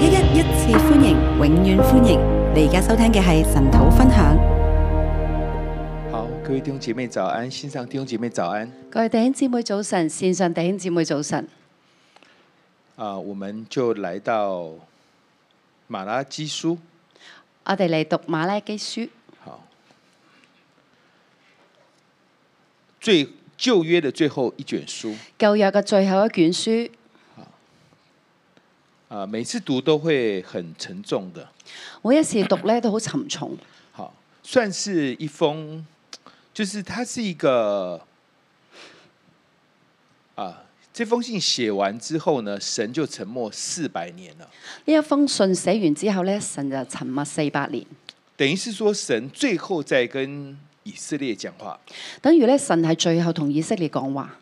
一一一次歡迎，永遠歡迎！你而家收聽嘅係神土分享。好，各位弟兄姐妹早安，線上弟兄姐妹早安，各位弟兄姊妹早晨，線上弟兄姊妹早晨。啊，我們就來到馬拉基書，我哋嚟讀馬拉基書。好，最舊約嘅最後一卷書，舊約嘅最後一卷書。啊！每次讀都會很沉重的，我一次讀呢，都好沉重。好，算是一封，就是它是一個啊，這封信寫完之後呢，神就沉默四百年了。呢封信寫完之後呢，神就沉默四百年，等於是說神最後再跟以色列講話，等於呢，神係最後同以色列講話。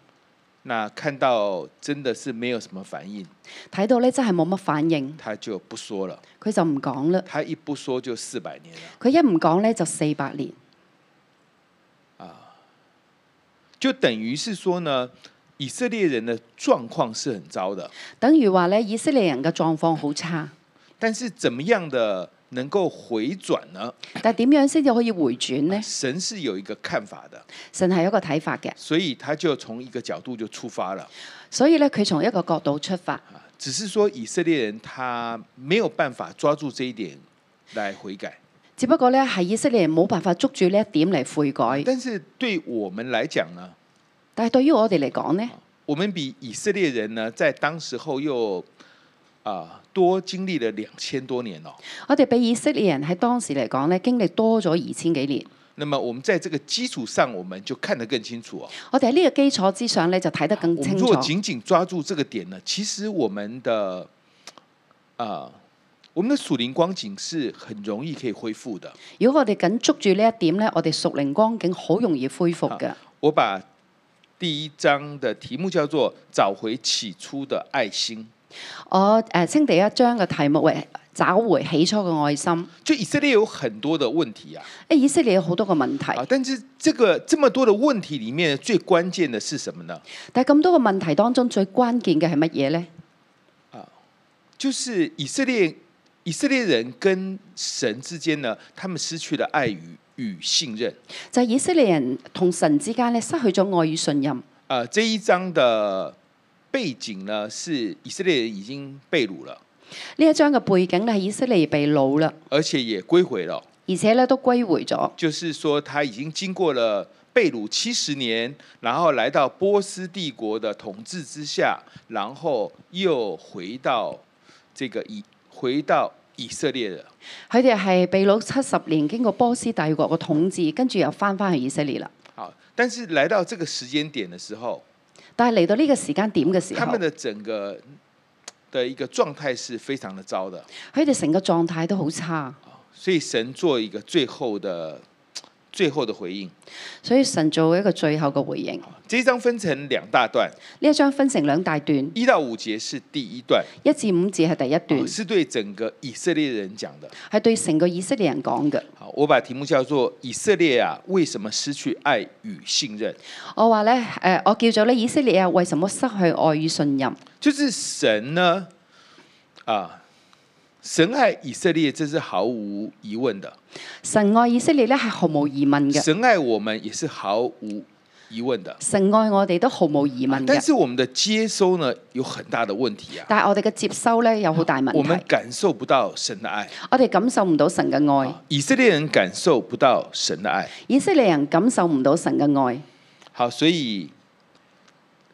那看到真的是沒有什麼反應，睇到呢真係冇乜反應，他就不說了，佢就唔講啦。他一不說就四百年了，佢一唔講呢就四百年，啊，就等於是說呢，以色列人的狀況是很糟的，等於話呢，以色列人嘅狀況好差，但是怎麼樣的？能夠回轉呢？但係點樣先至可以回轉呢？神是有一個看法的，神係一個睇法嘅，所以他就從一個角度就出發了。所以呢，佢從一個角度出發，只是說以色列人他沒有辦法抓住這一點來悔改。只不過呢，係以色列人冇辦法捉住呢一點嚟悔改。但是對我們來講呢？但係對於我哋嚟講呢？我們比以色列人呢，在當時候又啊、呃。多經歷了兩千多年哦，我哋比以色列人喺當時嚟講咧，經歷多咗二千幾年。那麼我們在這個基礎上，我們就看得更清楚，哦。我哋喺呢個基礎之上咧，就睇得更清楚。如果緊緊抓住這個點呢，其實我們的，啊，呃，我們的屬靈光景是很容易可以恢復的。如果我哋緊捉住呢一點咧，我哋屬靈光景好容易恢復嘅。我把第一章的題目叫做找回起初的愛心。我誒、啊，稱第一章嘅題目為找回起初嘅愛心。就以色列有很多的問題啊，誒、哎，以色列有好多嘅問題啊。但是，這個這麼多的問題裡面，最關鍵的是什麼呢？但係咁多嘅問題當中，最關鍵嘅係乜嘢呢、啊？就是以色列以色列人跟神之間呢，他們失去了愛與與信任。在、就是、以色列人同神之間呢，失去咗愛與信任。啊，這一章的。背景呢是以色列人已經被擄了，呢一章嘅背景呢係以色列被擄啦，而且也歸回了，而且呢，都歸回咗。就是說他已經經過了被擄七十年，然後來到波斯帝國的統治之下，然後又回到這個以回到以色列了。佢哋係被擄七十年，經過波斯帝國嘅統治，跟住又翻返去以色列了。好，但是來到這個時間點嘅時候。但係嚟到呢個時間點嘅時候，他們的整個的一個狀態是非常的糟的。佢哋成個狀態都好差，所以神做一個最後的。最後的回應，所以神做一個最後嘅回應。呢一章分成兩大段，呢一章分成兩大段，一到五節是第一段，一至五節係第一段，嗯，是對整個以色列人講的，係對成個以色列人講嘅。好，我把題目叫做以色列啊，為什麼失去愛與信任？我話呢，誒，呃，我叫做咧以色列啊，為什麼失去愛與信任？就是神呢啊。神愛以色列，這是毫無疑問的。神愛以色列呢，係毫無疑問嘅。神愛我們也是毫無疑問的。神愛我哋都毫無疑問嘅。但是我們的接收呢，有很大的問題啊。但係我哋嘅接收呢，有好大問題。我們感受不到神的愛。我哋感受唔到神嘅愛。以色列人感受不到神的愛。以色列人感受唔到神嘅愛。好，所以。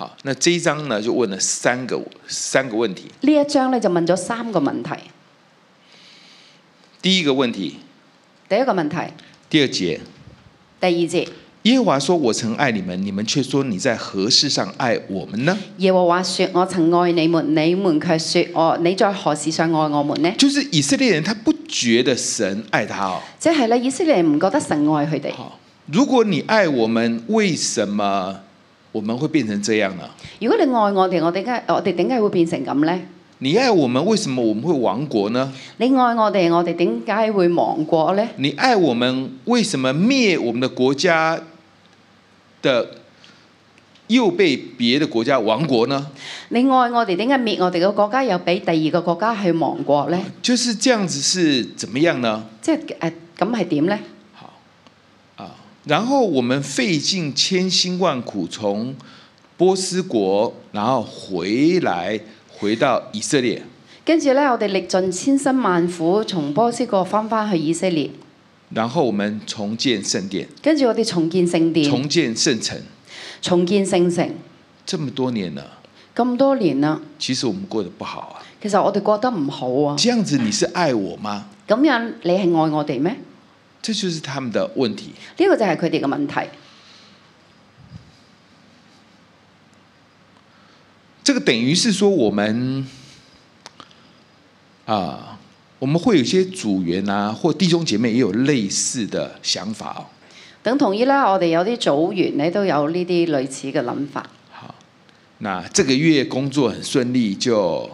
好，那這一章呢就問了三個三個問題。呢一章咧就問咗三個問題。第一個問題，第一個問題，第二節，第二節，耶和華說：我曾愛你們，你們卻說你在何事上愛我們呢？耶和華說：我曾愛你們，你們卻說我你在何事上愛我們呢？就是以色列人，他不覺得神愛他哦。即係咧，以色列人唔覺得神愛佢哋。好，如果你愛我們，為什麼？我們會變成這樣啦。如果你愛我哋，我哋解，我哋點解會變成咁呢？你愛我們，為什麼我們會亡國呢？你愛我哋，我哋點解會亡國呢？你愛我們，我們為什麼滅我們的國家的，又被別的國家亡國呢？你愛我哋，點解滅我哋嘅國家，又俾第二個國家去亡國呢？就是這樣子，是怎麼樣呢？即係誒，咁係點呢？然後我們費盡千辛萬苦從波斯國，然後回來回到以色列。跟住呢，我哋歷盡千辛萬苦從波斯國翻返去以色列。然後我們重建聖殿。跟住我哋重建聖殿。重建聖城。重建聖城。聖城這麼多年啦。咁多年啦。其實我們過得不好啊。其實我哋過得唔好啊。這樣子你是愛我嗎？咁樣你係愛我哋咩？這就是他們的問題。呢、這個就係佢哋嘅問題。這個等於是說，我們啊，我們會有一些組員啊，或弟兄姐妹也有類似的想法哦。等同意啦，我哋有啲組員咧都有呢啲類似嘅諗法。好，那這個月工作很順利就，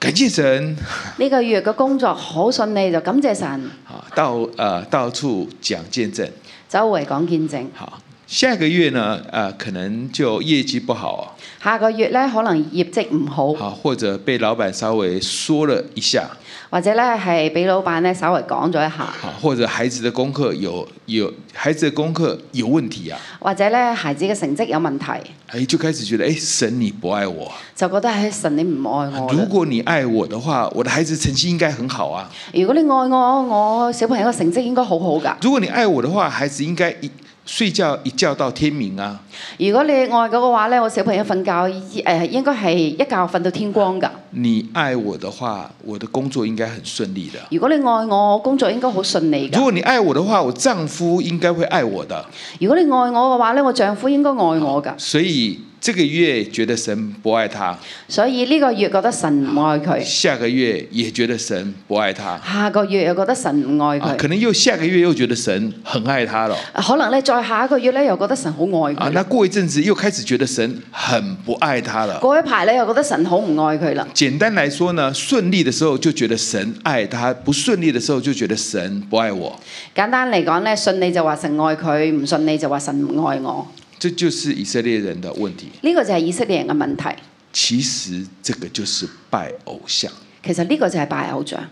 感謝神，呢、這個月嘅工作好順利，就感謝神。到誒、呃，到處講見證，周圍講見證。好。下個月呢？啊、呃，可能就業績不好，啊。下個月呢，可能業績唔好。好，或者被老闆稍微說了一下。或者呢係俾老闆呢稍微講咗一下。或者孩子的功課有有孩子的功課有問題啊？或者呢孩子嘅成績有問題？誒、哎，就開始覺得誒、哎，神你不愛我。就覺得、哎、神你唔愛我。如果你愛我的話，我的孩子成績應該很好啊。如果你愛我，我小朋友嘅成績應該好好㗎。如果你愛我的話，孩子應該一。睡覺一覺到天明啊！如果你愛我嘅話呢，我小朋友瞓覺，誒，應該係一覺瞓到天光㗎。你愛我的話，我的工作應該很順利的。如果你愛我，工作應該好順利。如果你愛我的話，我丈夫應該會愛我的。如果你愛我嘅話呢，我丈夫應該愛我㗎。所以。這個月覺得神不愛他，所以呢個月覺得神唔愛佢。下個月也覺得神不愛他，下個月又覺得神唔愛佢。啊，可能又下個月又覺得神很愛他咯。可能咧再下一個月咧又覺得神好愛佢。啊，那過一陣子又開始覺得神很不愛他了。嗰一排咧又覺得神好唔愛佢啦。簡單來說呢，順利的時候就覺得神愛他，不順利的時候就覺得神不愛我。簡單嚟講咧，信就順利就話神愛佢，唔順利就話神唔愛我。這就是以色列人的問題。呢個就係以色列人嘅問題。其實，這個就是拜偶像。其實呢個就係拜偶像。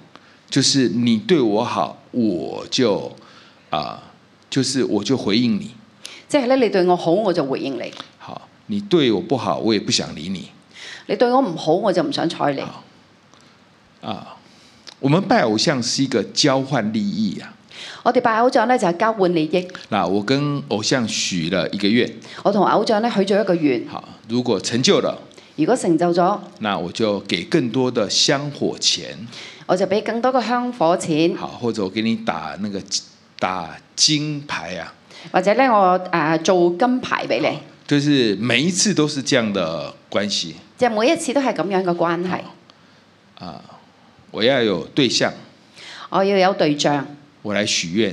就是你對我好，我就啊，就是我就回應你。即係咧，你對我好，我就回應你。好，你對我不好，我也不想理你。你對我唔好，我就唔想睬你。啊，我們拜偶像，是一個交換利益啊。我哋拜偶像咧就係交換利益。嗱，我跟偶像許了一個願，我同偶像咧許咗一個願。好，如果成就了。如果成就咗。那我就給更多的香火錢。我就俾更多嘅香火錢。好，或者我給你打那個打金牌啊。或者咧，我、啊、誒做金牌俾你。就是每一次都是這樣的關係。即係每一次都係咁樣嘅關係。啊，我要有對象。我要有對象。我嚟許願，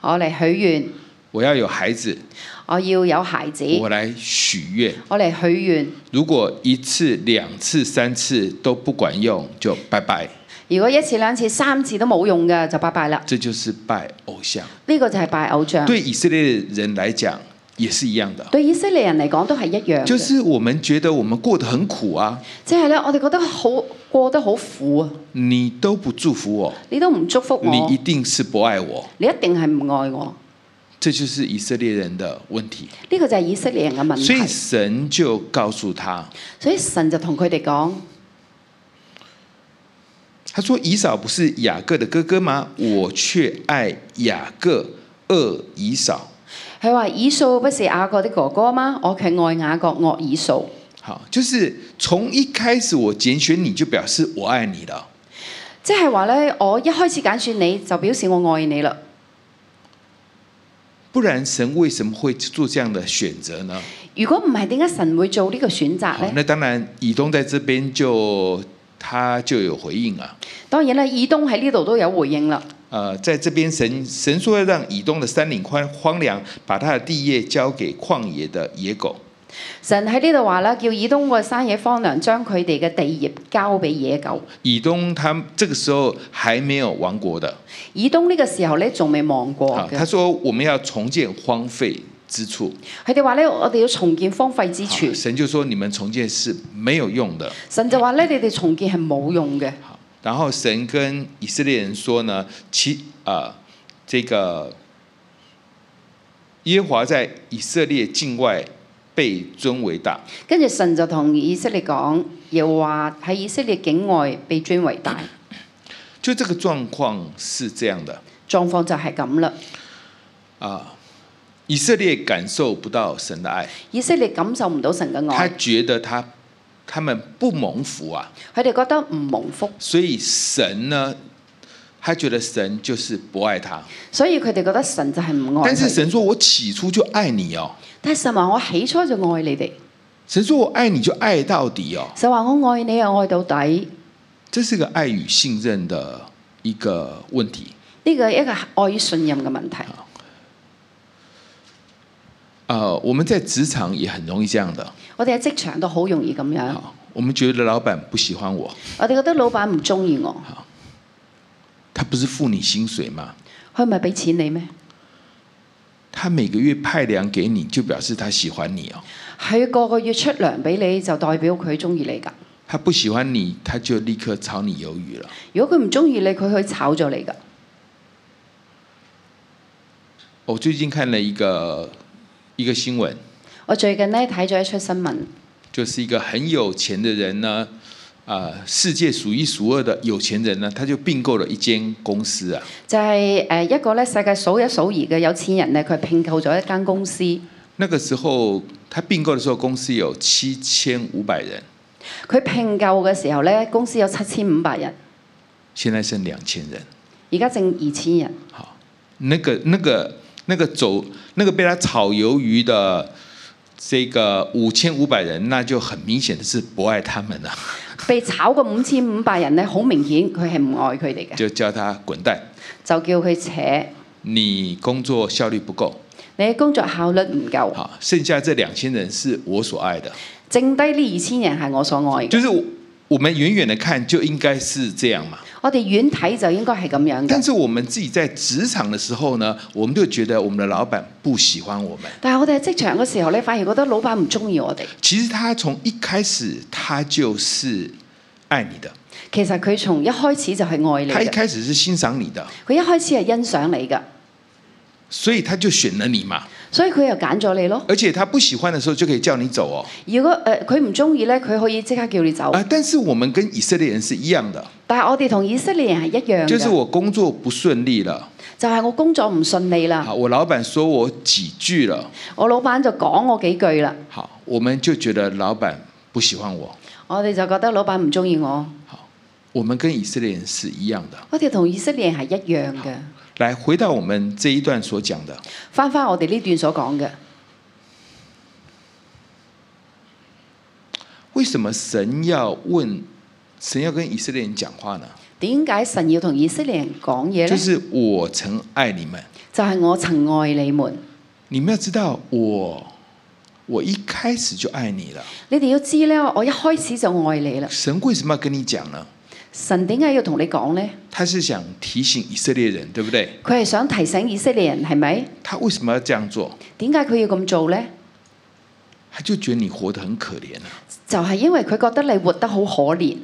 我嚟許願，我要有孩子，我要有孩子，我嚟許願，我嚟許願。如果一次、兩次、三次都不管用，就拜拜。如果一次、兩次、三次都冇用嘅，就拜拜啦。這就是拜偶像。呢、這個就係拜偶像。對以色列人來講。也是一樣的，對以色列人嚟講都係一樣。就是我們覺得我們過得很苦啊，即係咧，我哋覺得好過得好苦啊。你都不祝福我，你都唔祝福我，你一定是不愛我，你一定係唔愛我。這就是以色列人的問題。呢個就係以色列人嘅問題。所以神就告訴他，所以神就同佢哋講，他說：以掃不是雅各的哥哥嗎？我卻愛雅各，惡以掃。佢話以掃不是雅各的哥哥嗎？我卻愛雅各，惡以掃。好，就是從一開始我揀選你就表示我愛你了，即係話咧，我一開始揀選你就表示我愛你了，不然神為什麼會做這樣的選擇呢？如果唔係，點解神會做呢個選擇呢？那當然，以東在這邊就他就有回應啊。當然啦，以東喺呢度都有回應啦。呃，在這邊神神說要讓以東的山嶺荒荒涼，把他的地業交給曠野的野狗。神喺呢度話啦，叫以東個山野荒涼，將佢哋嘅地業交俾野狗。以東他這個時候還沒有亡國的。以東呢個時候咧，仲未亡國。啊，他說我們要重建荒廢之處。佢哋話咧，我哋要重建荒廢之處，啊。神就說你們重建是沒有用的。神就話咧，你哋重建係冇用嘅。嗯嗯然後神跟以色列人說呢，其啊，這個耶華在以色列境外被尊為大。跟住神就同以色列講，又話喺以色列境外被尊為大。就這個狀況是這樣的。狀況就係咁啦。啊，以色列感受不到神的愛。以色列感受唔到神嘅愛。他覺得他。他們不蒙福啊！佢哋覺得唔蒙福，所以神呢，他覺得神就是不愛他，所以佢哋覺得神就係唔愛。但是神說我起初就愛你哦。但神話我起初就愛你哋。神說我愛你就愛到底哦。神話我愛你又愛到底。這是個愛與信任的一個問題。呢個一個愛與信任嘅問題。啊、uh，我們在職場也很容易這樣的。我哋喺職場都好容易咁樣。我們覺得老闆不喜歡我。我哋覺得老闆唔中意我。好，他不是付你薪水嗎？佢唔係俾錢你咩？他每個月派糧給你，就表示他喜歡你哦。係個個月出糧俾你就代表佢中意你噶。他不喜歡你，他就立刻炒你魷魚了。如果佢唔中意你，佢會炒咗你噶。我最近看了一個。一個新聞，我最近咧睇咗一出新聞，就是一個很有錢的人呢，啊，世界數一數二的有錢人呢，他就併購了一間公司啊，就係一個世界數一數二嘅有錢人呢，佢併購咗一間公司。那個時候，他併購的時候，公司有七千五百人，佢併購嘅時候呢，公司有七千五百人，現在剩兩千人，而家剩二千人。好，那個、那個，那個、那個走。那個被他炒魷魚的這個五千五百人，那就很明顯的是不愛他們了。被炒的五千五百人呢，好明顯，佢係唔愛佢哋嘅。就叫他滾蛋。就叫佢扯。你工作效率不夠。你嘅工作效率唔夠。好，剩下這兩千人是我所愛的。剩低呢二千人係我所愛。就是。我們遠遠的看就應該是這樣嘛，我哋遠睇就應該係咁樣。但是我們自己在職場的時候呢，我們就覺得我們的老闆不喜歡我們。但係我哋喺職場嘅時候呢，反而覺得老闆唔中意我哋。其實他從一開始，他就是愛你的。其實佢從一開始就係愛你的，他一開始是欣賞你的，佢一開始係欣賞你噶，所以他就選了你嘛。所以佢又揀咗你咯，而且他不喜歡的時候就可以叫你走哦。如果誒佢唔中意咧，佢、呃、可以即刻叫你走。啊，但是我們跟以色列人是一樣的。但係我哋同以色列人係一樣。就是我工作不順利了。就係、是、我工作唔順利啦。我老闆說我幾句了。我老板就講我幾句了。好，我們就覺得老闆不喜歡我。我哋就覺得老闆唔中意我。我們跟以色列人是一樣的。我哋同以色列人係一樣嘅。來，回到我們這一段所講的，翻翻我哋呢段所講嘅，為什麼神要問，神要跟以色列人講話呢？點解神要同以色列人講嘢呢？」就是我曾愛你們，就係我曾愛你們。你們要知道我我一開始就愛你了。你哋要知呢，我一開始就愛你了。神為什麼要跟你講呢？神點解要同你講呢？他是想提醒以色列人，對不對？佢係想提醒以色列人，係咪？他為什麼要這樣做？點解佢要咁做呢？他就覺得你活得很可憐啊！就係因為佢覺得你活得好可憐，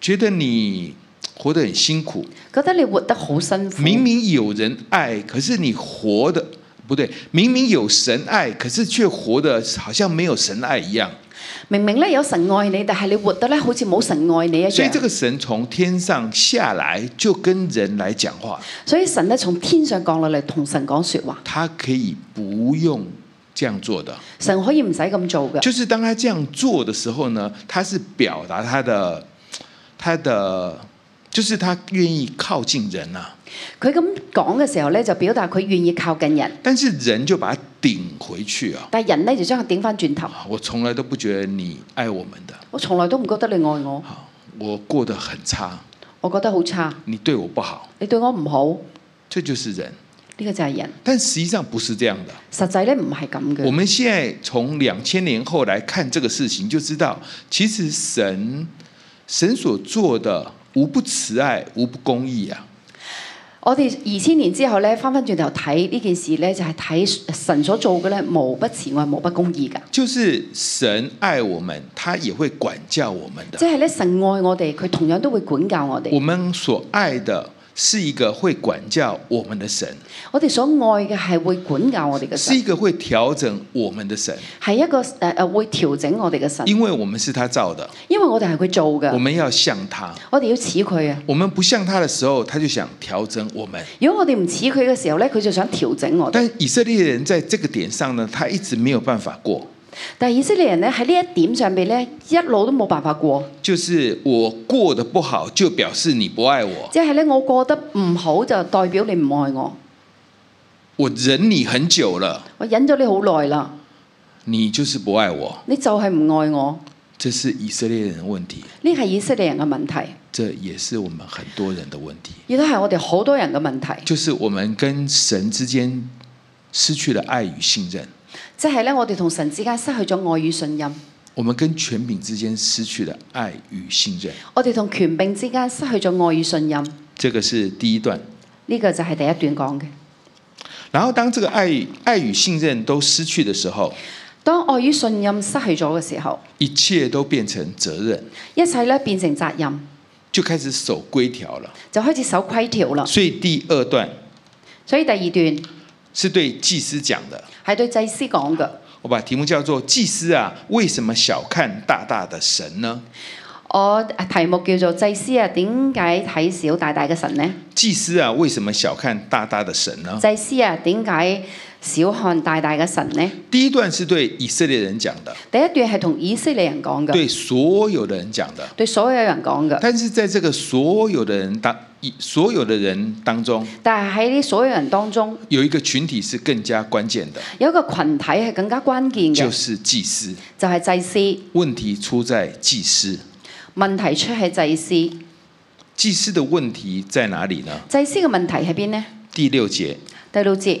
覺得你活得很辛苦，覺得你活得好辛苦。明明有人愛，可是你活得……不對；明明有神愛，可是卻活得好像沒有神愛一樣。明明咧有神愛你，但係你活得咧好似冇神愛你一樣。所以這個神從天上下來就跟人來講話。所以神咧從天上降落嚟同神講說話。他可以不用這樣做的。神可以唔使咁做嘅。就是當他這樣做的時候呢，他是表達他的，他的。就是他願意靠近人啊！佢咁講嘅時候咧，就表達佢願意靠近人。但是人就把它頂回去啊！但人咧就將佢頂翻轉頭。我從來都不覺得你愛我們的，我從來都唔覺得你愛我。我過得很差，我覺得好差。你對我不好，你對我唔好，這就是人。呢個就係人，但實際上不是這樣的。實際咧唔係咁嘅。我們現在從兩千年後來看這個事情，就知道其實神神所做的。無不慈愛，無不公義啊！我哋二千年之後咧，翻翻轉頭睇呢件事咧，就係睇神所做嘅咧，無不慈愛，無不公義噶。就是神愛我們，他也會管教我們的。即係咧，神愛我哋，佢同樣都會管教我哋。我們所愛的。是一個會管教我們的神，我哋所愛嘅係會管教我哋嘅神，是一個會調整我們的神，係一個誒誒、呃、會調整我哋嘅神，因為我們是他造的，因為我哋係佢做嘅，我們要像他，我哋要似佢啊，我們不像他嘅時候，他就想調整我們。如果我哋唔似佢嘅時候咧，佢就想調整我們。但以色列人在這個點上呢，他一直沒有辦法過。但以色列人咧喺呢一點上邊咧一路都冇辦法過，就是我過得不好就表示你不愛我，即係咧我過得唔好就代表你唔愛我，我忍你很久了，我忍咗你好耐啦，你就是不愛我，你就係唔愛我，這是以色列人嘅問題，呢係以色列人嘅問題，這也是我們很多人嘅問題，亦都係我哋好多人嘅問題，就是我們跟神之間失去了愛與信任。即係咧，我哋同神之間失去咗愛與信任。我們跟權柄之間失去了愛與信任。我哋同權柄之間失去咗愛與信任。這個是第一段。呢個就係第一段講嘅。然後當這個愛與愛與信任都失去的時候，當愛與信任失去咗嘅時候，一切都變成責任。一切咧變成責任，就開始守規條了。就開始守規條了。所以第二段，所以第二段是對祭司講的。係對祭司講嘅。我把題目叫做祭司啊，為什麼小看大大的神呢？我題目叫做祭司啊，點解睇小大大嘅神呢？祭司啊，為什麼小看大大的神呢？祭司啊，點解小看大大嘅神呢？第一段係對以色列人講嘅。第一段係同以色列人講嘅。對所有的人講嘅。對所有人講嘅。但是在呢個所有的人當。所有的人當中，但係喺所有人當中，有一個群體是更加關鍵的。有一個群體係更加關鍵嘅，就是祭司，就係祭司。問題出在祭司，問題出喺祭司。祭司的問題在哪裏呢？祭司嘅問題喺邊呢？第六節，第六節。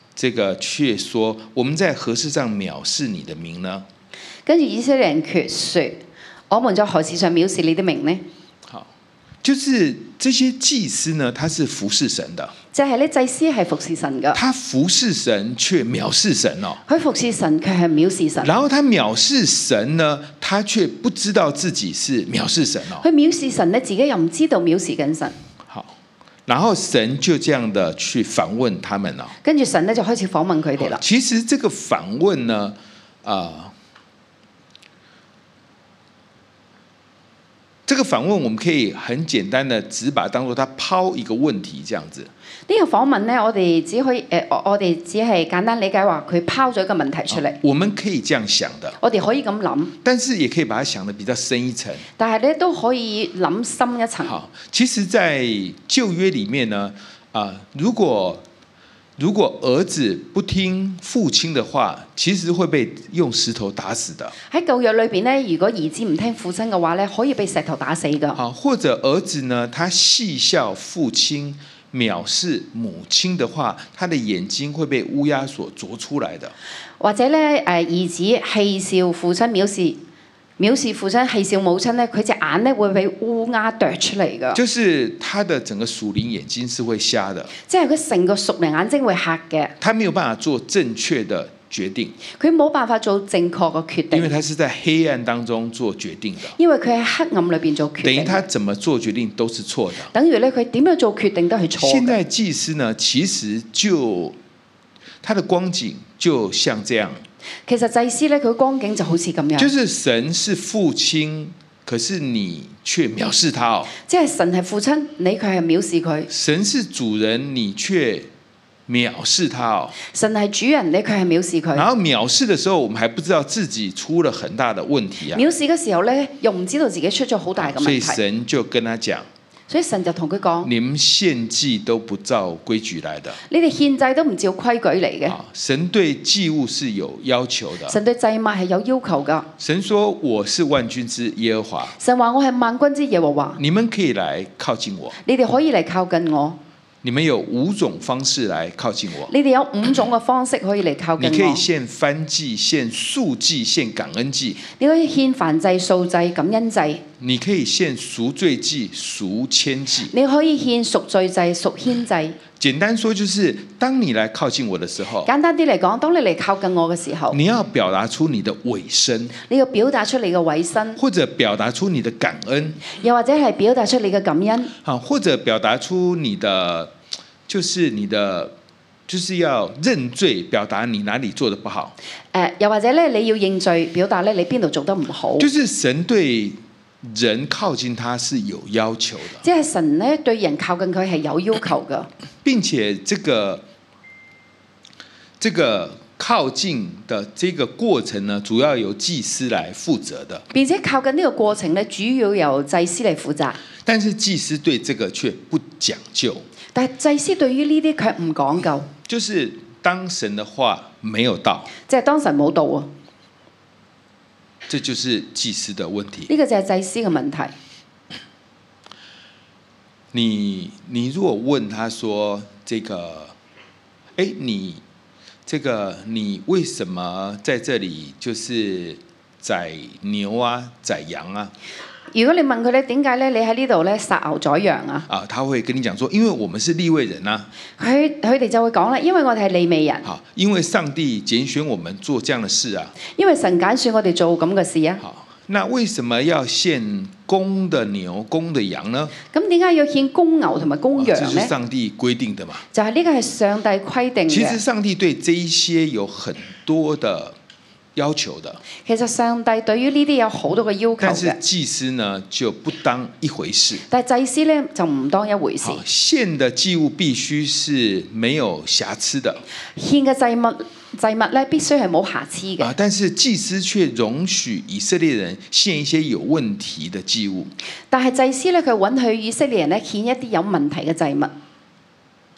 這個卻說，我們在何事上藐視你的名呢？跟住以色列人卻說，我們在何事上藐視你的名呢？好，就是這些祭司呢，他是服侍神的。就係、是、呢祭司係服侍神噶。他服侍神卻藐視神咯、哦。佢服侍神卻係藐視神、哦。然後他藐視神呢，他卻不知道自己是藐視神咯、哦。佢藐視神呢，自己又唔知道藐視緊神。然後神就這樣的去訪問他們了。跟住神咧就開始訪問佢哋啦。其實這個訪問呢，啊、呃。這個訪問我們可以很簡單的只把當做它，他拋一個問題這樣子。呢個訪問呢，我哋只可以誒、呃，我我哋只係簡單理解話佢拋咗一個問題出嚟、啊。我們可以這樣想的。我哋可以咁諗、嗯，但是也可以把它想得比較深一層。但係咧都可以諗深一層。好，其實在《舊約》裏面呢，啊，如果如果兒子不聽父親的話，其實會被用石頭打死的。喺舊約裏邊呢，如果兒子唔聽父親嘅話咧，可以被石頭打死嘅。啊，或者兒子呢，他戲笑父親、藐視母親的話，他的眼睛會被烏鴉所啄出來的。或者呢，誒、啊、兒子戲笑父親藐視。藐視父親、欺笑母親呢，佢隻眼咧，會俾烏鴉啄出嚟㗎。就是他的整個屬靈眼睛是會瞎的。即係佢成個屬靈眼睛會瞎嘅。他沒有辦法做正確的決定。佢冇辦法做正確嘅決定。因為他是在黑暗當中做決定嘅。因為佢喺黑暗裏邊做決定。等於他怎麼做決定都是錯的。等於咧，佢點樣做決定都係錯。現代祭司呢，其實就他的光景就像這樣。其實祭司咧，佢光景就好似咁樣。就是神是父親，可是你卻藐視他哦。即係神係父親，你卻係藐視佢。神是主人，你卻藐視他哦。神係主人，你卻係藐視佢。然後藐視的時候，我們還不知道自己出了很大的問題啊。藐視嘅時候咧，又唔知道自己出咗好大嘅問題。啊，所以神就跟他講。所以神就同佢講：你們獻祭都不照規矩來的。你哋獻祭都唔照規矩嚟嘅。神對祭物是有要求的。神對祭物係有要求噶。神說：我是萬軍之耶和華。神話我係萬軍之耶和華。你們可以來靠近我。你哋可以來靠近我。你們有五種方式來靠近我。你哋有五種嘅方式可以嚟靠近我。你可以獻燔祭、獻素祭、獻感恩祭。你可以獻燔祭、素祭、感恩祭。你可以獻贖罪祭、贖愆祭，祭。你可以獻贖罪祭、贖愆祭。簡單說就是，當你來靠近我的時候，簡單啲嚟講，當你嚟靠近我嘅時候，你要表達出你的委身，你要表達出你嘅委身，或者表達出你嘅感恩，又或者係表達出你嘅感恩，啊，或者表達出你嘅，就是你嘅，就是要認罪，表達你哪裏做得不好，呃，又或者咧，你要認罪，表達咧你邊度做得唔好，就是神對。人靠近他是有要求的，即係神咧對人靠近佢係有要求嘅，並且這個這個靠近的這個過程呢，主要由祭司來負責的，並且靠近呢個過程咧，主要由祭司嚟負責。但是祭司對這個卻不講究，但係祭司對於呢啲卻唔講究，就是當神的話沒有到，即係當神冇到啊。這就是祭司的問題。那個在祭司的問題。你你如果問他說這個，哎，你這個你為什麼在這裏就是宰牛啊，宰羊啊？如果你問佢咧，點解咧？你喺呢度咧殺牛宰羊啊？啊，他會跟你講說，因為我們是利未人啦，啊。佢佢哋就會講啦，因為我哋係利未人。好，啊，因為上帝揀選我們做這樣嘅事啊。因為神揀選我哋做咁嘅事啊。好，啊，那為什麼要獻公的牛，公的羊呢？咁點解要獻公牛同埋公羊咧？這是上帝規定嘅嘛？就係呢個係上帝規定。其實上帝對這一些有很多的。要求的，其實上帝對於呢啲有好多嘅要求，但是祭司呢就不當一回事。但係祭司呢就唔當一回事。獻嘅祭物必須是沒有瑕疵嘅，獻嘅祭物祭物呢必須係冇瑕疵嘅。啊，但是祭司卻容許以色列人獻一些有問題嘅祭物。但係祭司呢佢允許以色列人呢獻一啲有問題嘅祭物，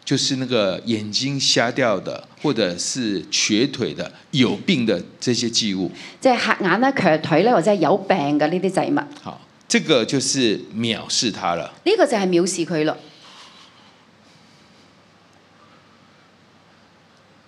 就是那個眼睛瞎掉的。或者是瘸腿的、有病的這些祭物，即係瞎眼咧、啊、瘸腿咧、啊，或者係有病嘅呢啲祭物。好，這個就是藐視他了。呢個就係藐視佢咯。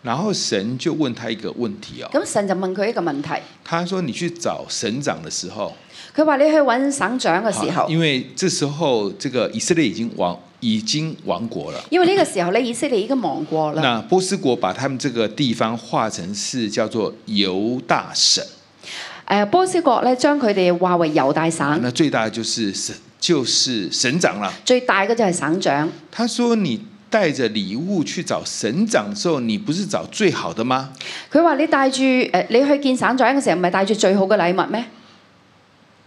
然後神就問他一個問題啊、哦。咁神就問佢一個問題。他說你：他說你去找省長嘅時候，佢話你去揾省長嘅時候，因為這時候這個以色列已經亡。已經亡國了，因為呢個時候咧，以色列已經亡國了。那波斯國把他們這個地方劃成是叫做猶大省。誒、呃，波斯國咧將佢哋劃為猶大省。啊、那最大就是就是省長啦。最大嘅就係省長。他說：你帶着禮物去找省長之後，你不是找最好的嗎？佢話：你帶住誒，你去見省長嘅時候，唔係帶住最好嘅禮物咩？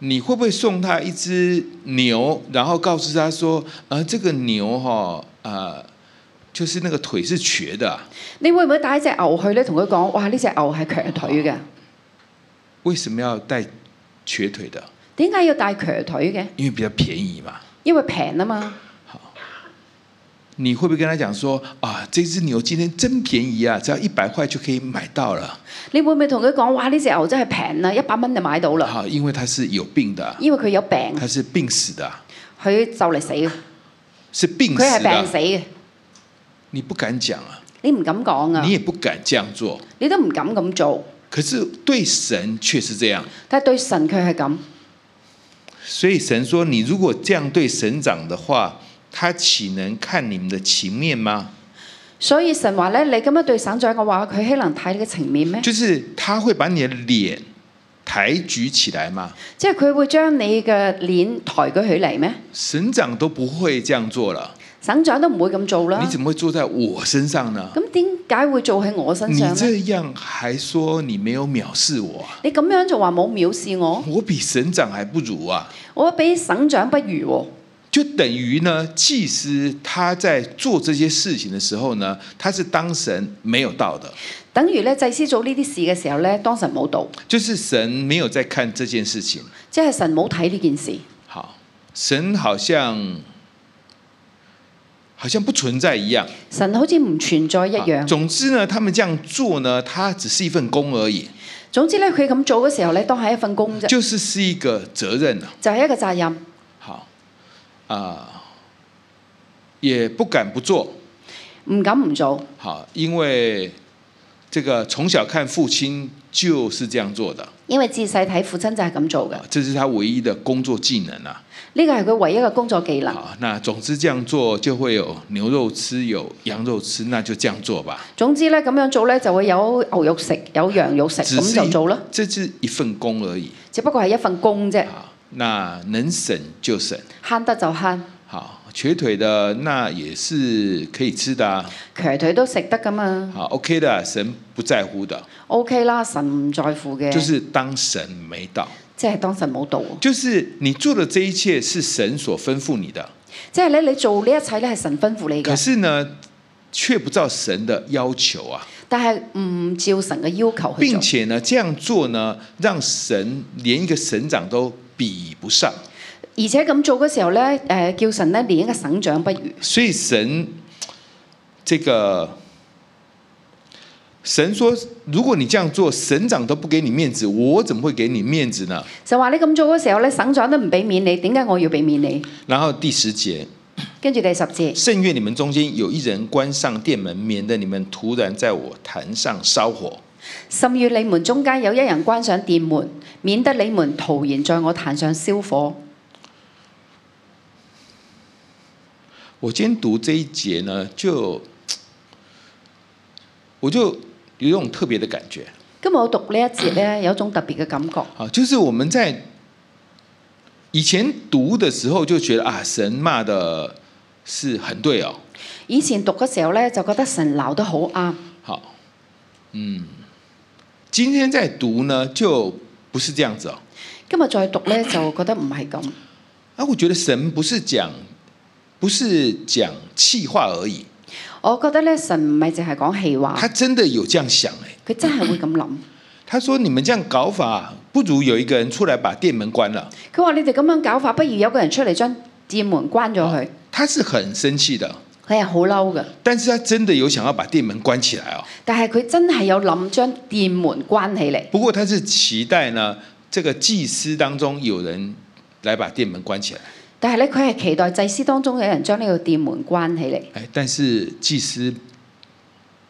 你會不會送他一隻牛，然後告訴他說：啊，這個牛哈，啊，就是那個腿是瘸的啊。你會唔會帶一隻牛去咧，同佢講：哇，呢隻牛係瘸腿嘅啊。為什麼要帶瘸腿的？點解要帶瘸腿嘅？因為比較便宜嘛。因為平啊嘛。你會唔會跟他講說啊，這隻牛今天真便宜啊，只要一百塊就可以買到了。你會唔會同佢講，哇，呢隻牛真係平啊，一百蚊就買到啦。哈，因為它是有病的。因為佢有病。它是病死的。佢就嚟死嘅。是病死的。佢係病死嘅。你不敢講啊？你唔敢講啊？你也不敢這樣做。你都唔敢咁做。可是對神卻是這樣。但係對神佢係咁。所以神說：你如果這樣對神長的話。他豈能看你們的情面嗎？所以神話咧，你咁樣對省長嘅話，佢豈能睇你嘅情面咩？就是他會把你嘅臉抬舉起來嗎？即係佢會將你嘅臉抬舉起嚟咩？省長都不會這樣做了，省長都唔會咁做啦。你怎麼會做在我身上呢？咁點解會做喺我身上呢？你這樣還說你沒有藐視我？你咁樣就話冇藐視我？我比省長還不如啊！我比省長不如哦。就等於呢，祭司他在做這些事情的時候呢，他是當神沒有道德。等於呢，祭司做呢啲事嘅時候呢，當神冇道。就是神沒有在看這件事情。即係神冇睇呢件事。好，神好像好像不存在一樣。神好似唔存在一樣。總之呢，他們這樣做呢，他只是一份工而已。總之呢，佢咁做嘅時候呢，當係一份工。就是是一個責任。就係，是一個責任。啊，也不敢不做，唔敢唔做。好，因為這個從小看父親就是這樣做的，因為自細睇父親就係咁做嘅。這是他唯一的工作技能啦，啊。呢個係佢唯一嘅工作技能。好，那總之這樣做就會有牛肉吃，有羊肉吃，那就這樣做吧。總之咧咁樣做咧就會有牛肉食，有羊肉食，咁就做咯。即係一份工而已。只不過係一份工啫。那能省就省省就省，慳得就慳。好，瘸腿的那也是可以吃的啊。瘸腿都食得㗎嘛？好，OK 的，神不在乎的。OK 啦，神唔在乎嘅。就是當神沒到，即係當神冇到，就是你做的這一切是神所吩咐你的。即係咧，你做呢一切咧係神吩咐你嘅，可是呢卻不照神的要求啊。但係唔照神嘅要求去，並且呢這樣做呢，讓神連一個省長都比不上，而且咁做嘅時候咧，誒，叫神咧連一個省長不如。所以神，這個神說，如果你這樣做，省長都不給你面子，我怎麼會給你面子呢？就話你咁做嘅時候咧，省長都唔俾面你，點解我要俾面你？然後第十節，跟住第十節，甚願你們中間有一人關上店門，免得你們突然在我壇上燒火。甚願你們中間有一人關上店門。免得你們徒然在我壇上燒火。我今天讀這一節呢，就我就有一種特別的感覺。今日我讀呢一節呢， 有種特別嘅感覺。啊，就是我們在以前讀的時候就覺得啊，神罵的是很對哦。以前讀嘅時候呢，就覺得神鬧得好啱。好，嗯，今天在讀呢就。不是這樣子哦，今日再讀呢，就覺得唔係咁。啊，我覺得神不是講，不是講氣話而已。我覺得呢，神唔係淨係講氣話。他真的有這樣想，佢真係會咁諗。他、嗯、說：你們這樣搞法，不如有一個人出來把店門關啦。佢話：你哋咁樣搞法，不如有個人出嚟將店門關咗佢。他、啊、是很生氣的。佢係好嬲嘅，但是他真的有想要把店門關起來哦。但係佢真係有諗將店門關起嚟。不過他是期待呢，這個祭司當中有人來把店門關起來。但係咧，佢係期待祭司當中有人將呢個店門關起嚟。但是祭司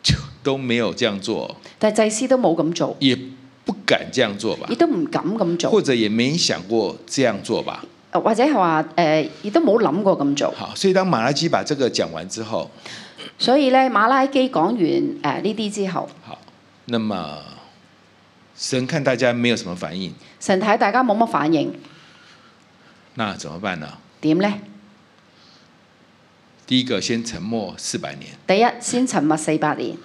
就都沒有這樣做。但係祭司都冇咁做，也不敢這樣做吧？亦都唔敢咁做，或者也沒想過這樣做吧？或者係話誒，亦、呃、都冇諗過咁做。好，所以當馬拉基把這個講完之後，所以咧，馬拉基講完誒呢啲之後，好，那麼神看大家沒有什麼反應，神睇大家冇乜反應，那怎麼辦呢？點咧？第一個先沉默四百年，第、嗯、一先沉默四百年，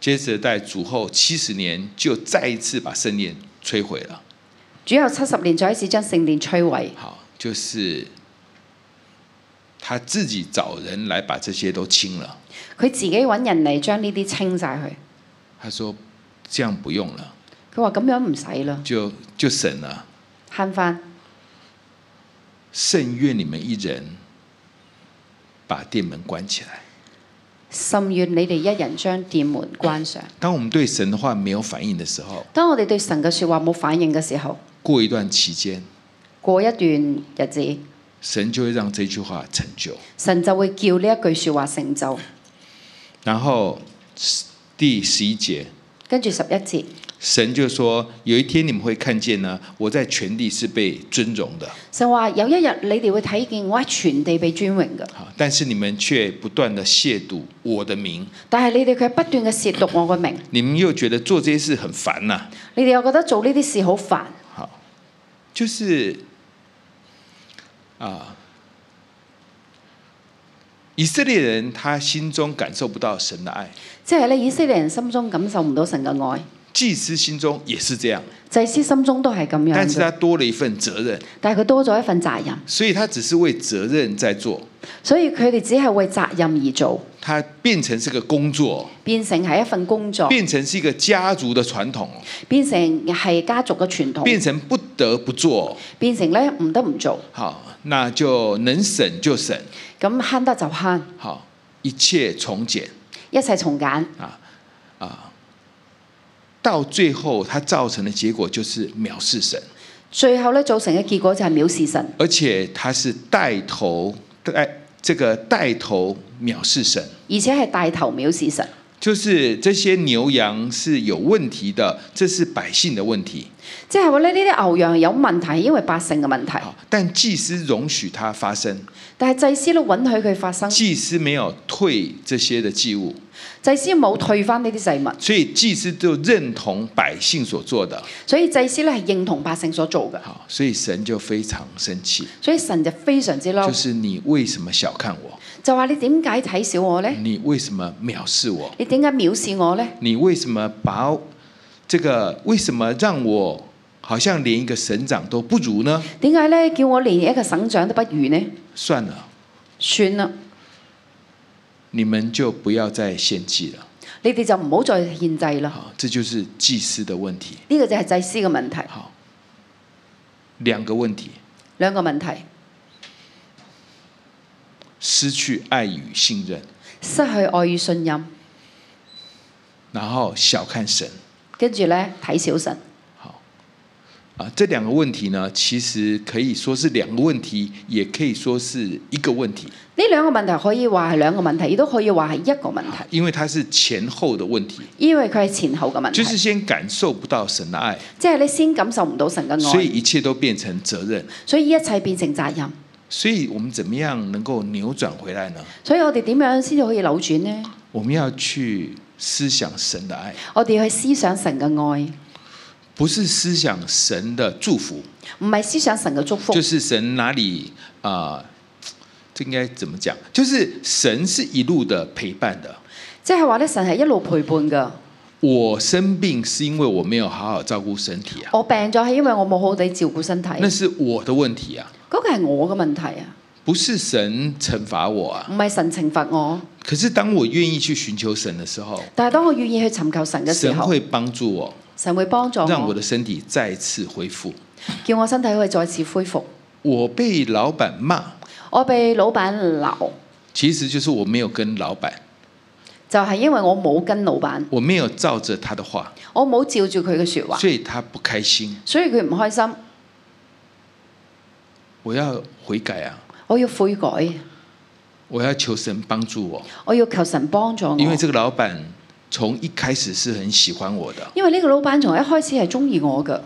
接着在主後七十年就再一次把聖殿摧毀了。主後七十年就開始將聖殿摧毀。好。就是他自己找人來把這些都清了。佢自己揾人嚟將呢啲清晒去。他說：這樣不用了。佢話咁樣唔使啦。就就神了省啦。慳返。甚願你們一人把殿門關起來。甚願你哋一人將殿門關上。當我們對神的話沒有反應的時候，當我哋對神嘅說話冇反應嘅時候，過一段期間。過一段日子，神就會讓這句話成就。神就會叫呢一句說話成就。然後第十一節，跟住十一節，神就說：有一天你們會看見呢，我在全地是被尊榮的。神話有一日你哋會睇見我喺全地被尊榮嘅。但是你們卻不斷的褻瀆我的名。但係你哋卻不斷嘅褻瀆我嘅名。你們又覺得做這些事很煩啦、啊？你哋又覺得做呢啲事煩好煩？就是。啊！以色列人他心中感受不到神的愛，即係咧以色列人心中感受唔到神嘅愛。祭司心中也是這樣，祭司心中都係咁樣，但是他多了一份責任，但係佢多咗一份責任，所以他只是為責任在做，所以佢哋只係為責任而做，他變成是個工作，變成係一份工作，變成是一個家族的傳統，變成係家族嘅傳統，變成不得不做，變成咧唔得唔做，好、啊。那就能省就省，咁慳得就慳，好一切從簡，一切從簡啊啊！到最後，他造成的結果就是藐視神。最後咧造成嘅結果就係藐視神，而且他是帶頭，誒，這個帶頭藐視神，而且係帶頭藐視神。就是這些牛羊是有問題的，這是百姓的問題。即係話咧，呢啲牛羊有問題，係因為百姓嘅問題。但祭司容許他發生，但係祭司都允許佢發生。祭司沒有退這些嘅祭物，祭司冇退翻呢啲祭物，所以祭司就認同百姓所做嘅。所以祭司咧係認同百姓所做嘅。所以神就非常生氣。所以神就非常之嬲，就是你為什麼小看我？就話你點解睇小我呢？你為什麼藐視我？你點解藐視我呢？你為什麼把這個？為什麼讓我好像連一個省長都不如呢？點解呢？叫我連一個省長都不如呢？算了，算了，你們就不要再獻祭了。你哋就唔好再獻祭啦。好，這就是祭司的問題。呢個就係祭司嘅問題。好，兩個問題。兩個問題。失去愛與信任，失去愛與信任，然後小看神，跟住咧睇小神。好，啊，這兩個問題呢，其實可以說是兩個問題，也可以說是一個問題。呢兩個問題可以話係兩個問題，亦都可以話係一個問題。因為它是前後的問題。因為佢係前後嘅問題。就是先感受不到神嘅愛，即係你先感受唔到神嘅愛，所以一切都變成責任，所以一切變成責任。所以，我們怎麼樣能夠扭轉回來呢？所以我哋點樣先至可以扭轉呢？我們要去思想神的愛。我哋要去思想神嘅愛，不是思想神的祝福。唔係思想神嘅祝福，就是神哪裏啊、呃？這應該怎麼講？就是神是一路的陪伴的。即係話咧，神係一路陪伴嘅。我生病是因為我沒有好好照顧身體啊。我病咗係因為我冇好好地照顧身體，啊，那是我的問題啊。係我嘅問題啊！不是神懲罰我啊！唔係神懲罰我。可是當我願意去尋求神嘅時候，但係當我願意去尋求神嘅時候，神會幫助我。神會幫助我，讓我的身體再次恢復，叫我身體可以再次恢復。我被老闆罵，我被老闆鬧，其實就是我沒有跟老闆，就係、是，因為我冇跟老闆，我沒有照着他的話，我冇照住佢嘅說話，所以他不開心，所以佢唔開心。我要悔改啊！我要悔改，我要求神幫助我。我要求神幫助我，因為這個老闆從一開始是很喜歡我的。因為呢個老闆從一開始係中意我嘅，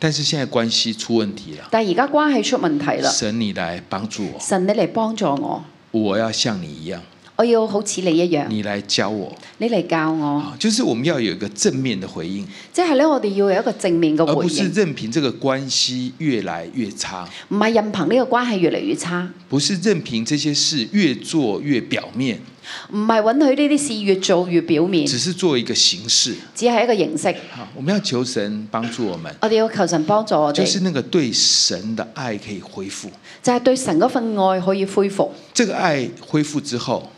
但是現在關係出問題了。但係而家關係出問題啦。神，你來幫助我。神，你嚟幫助我。我要像你一樣。我要好似你一樣，你來教我，你嚟教我，就是我們要有一個正面的回應。即係咧，我哋要有一個正面嘅回應，而不是任憑這個關係越來越差。唔係任憑呢個關係越來越差，不是任憑這，這些事越做越表面，唔係允許呢啲事越做越表面，只是做一個形式，只係一個形式。我們要求神幫助我們，我哋要求神幫助我哋，就是那個對神的愛可以恢復，就係、是、對神嗰份愛可以恢復。這個愛恢復之後。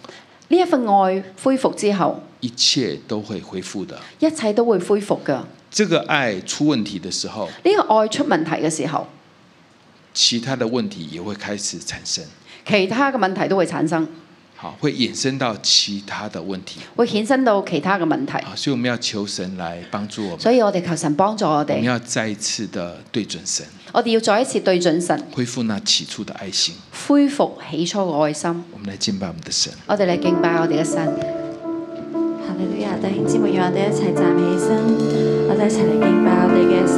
呢一份愛恢復之後，一切都會恢復的。一切都會恢復嘅。這個愛出問題的時候，呢個愛出問題嘅時候，其他嘅問題也會開始產生。其他嘅問題都會產生。會衍生到其他的問題，會衍生到其他嘅問題，所以我們要求神來幫助我們，所以我哋求神幫助我哋，我們要再一次的對準神，我哋要再一次對準神，恢復那起初的愛心，恢復起初嘅愛心，我們來敬拜我們的神，我哋嚟敬拜我哋嘅神。弟兄姊妹，讓我哋一齊站起身，我哋一齊嚟敬拜我哋嘅神。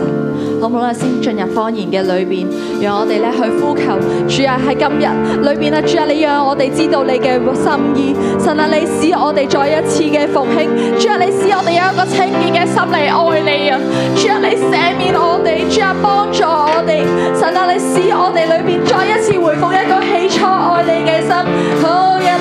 好唔好啊？先進入方言嘅裏面，讓我哋呢去呼求主啊，喺今日裏面啊，主啊，你讓我哋知道你嘅心意。神啊，你使我哋再一次嘅復興。主啊，你使我哋有一個清潔嘅心嚟愛你啊。主啊，你赦免我哋。主啊，幫助我哋。神啊，你使我哋裏面再一次回復一個起初愛你嘅心。o、oh yeah,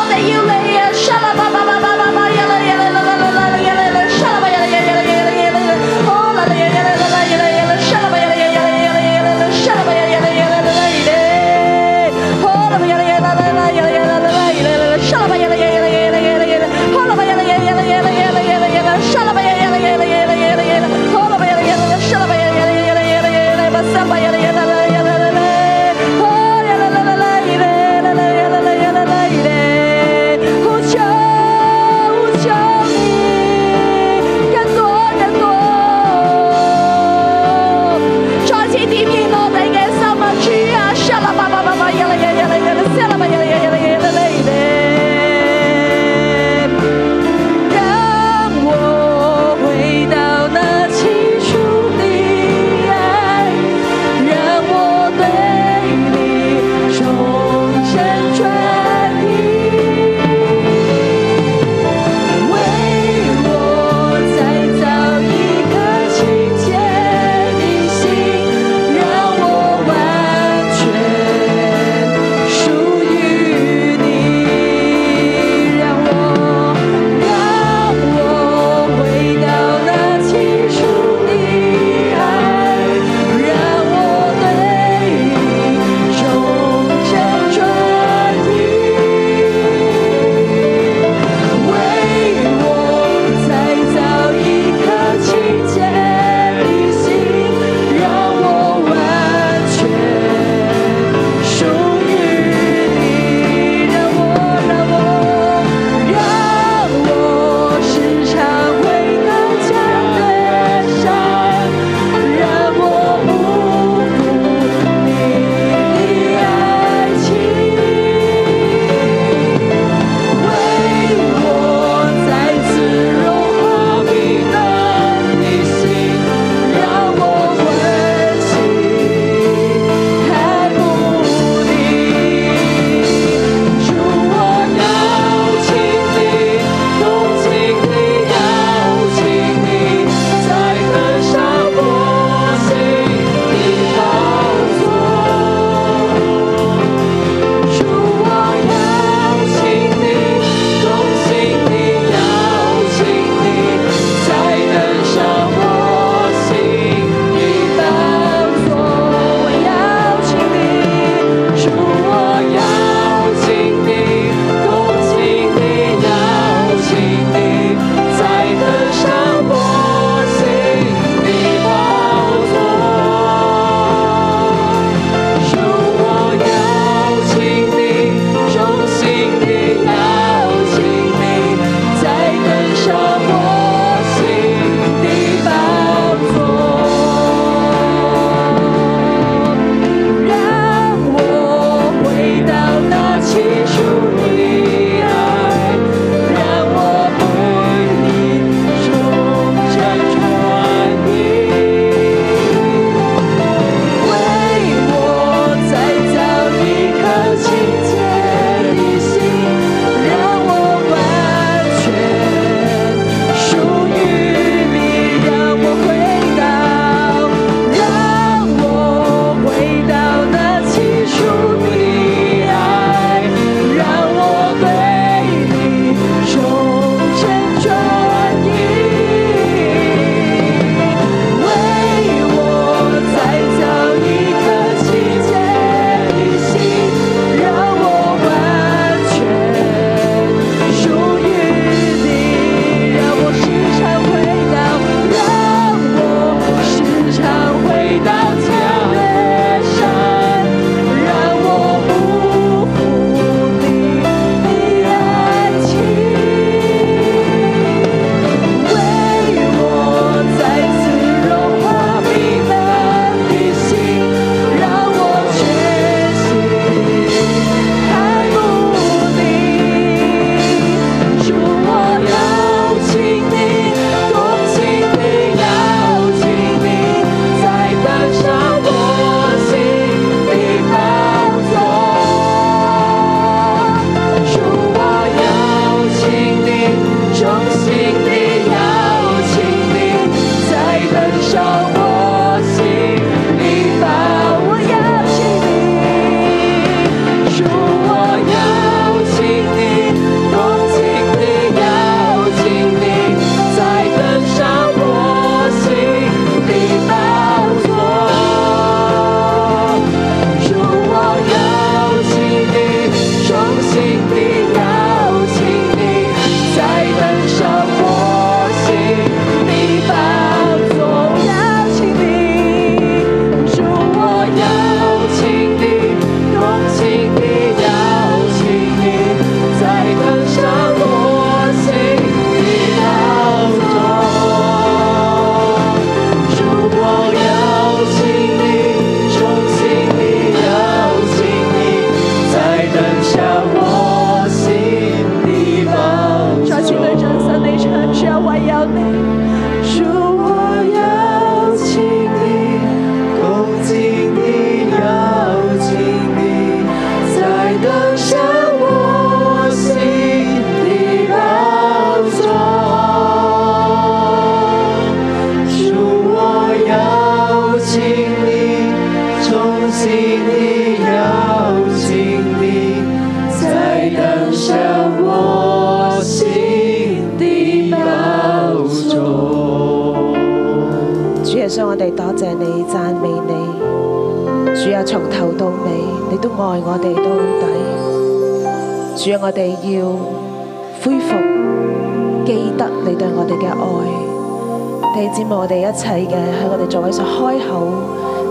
我哋一齊嘅喺我哋座位上開口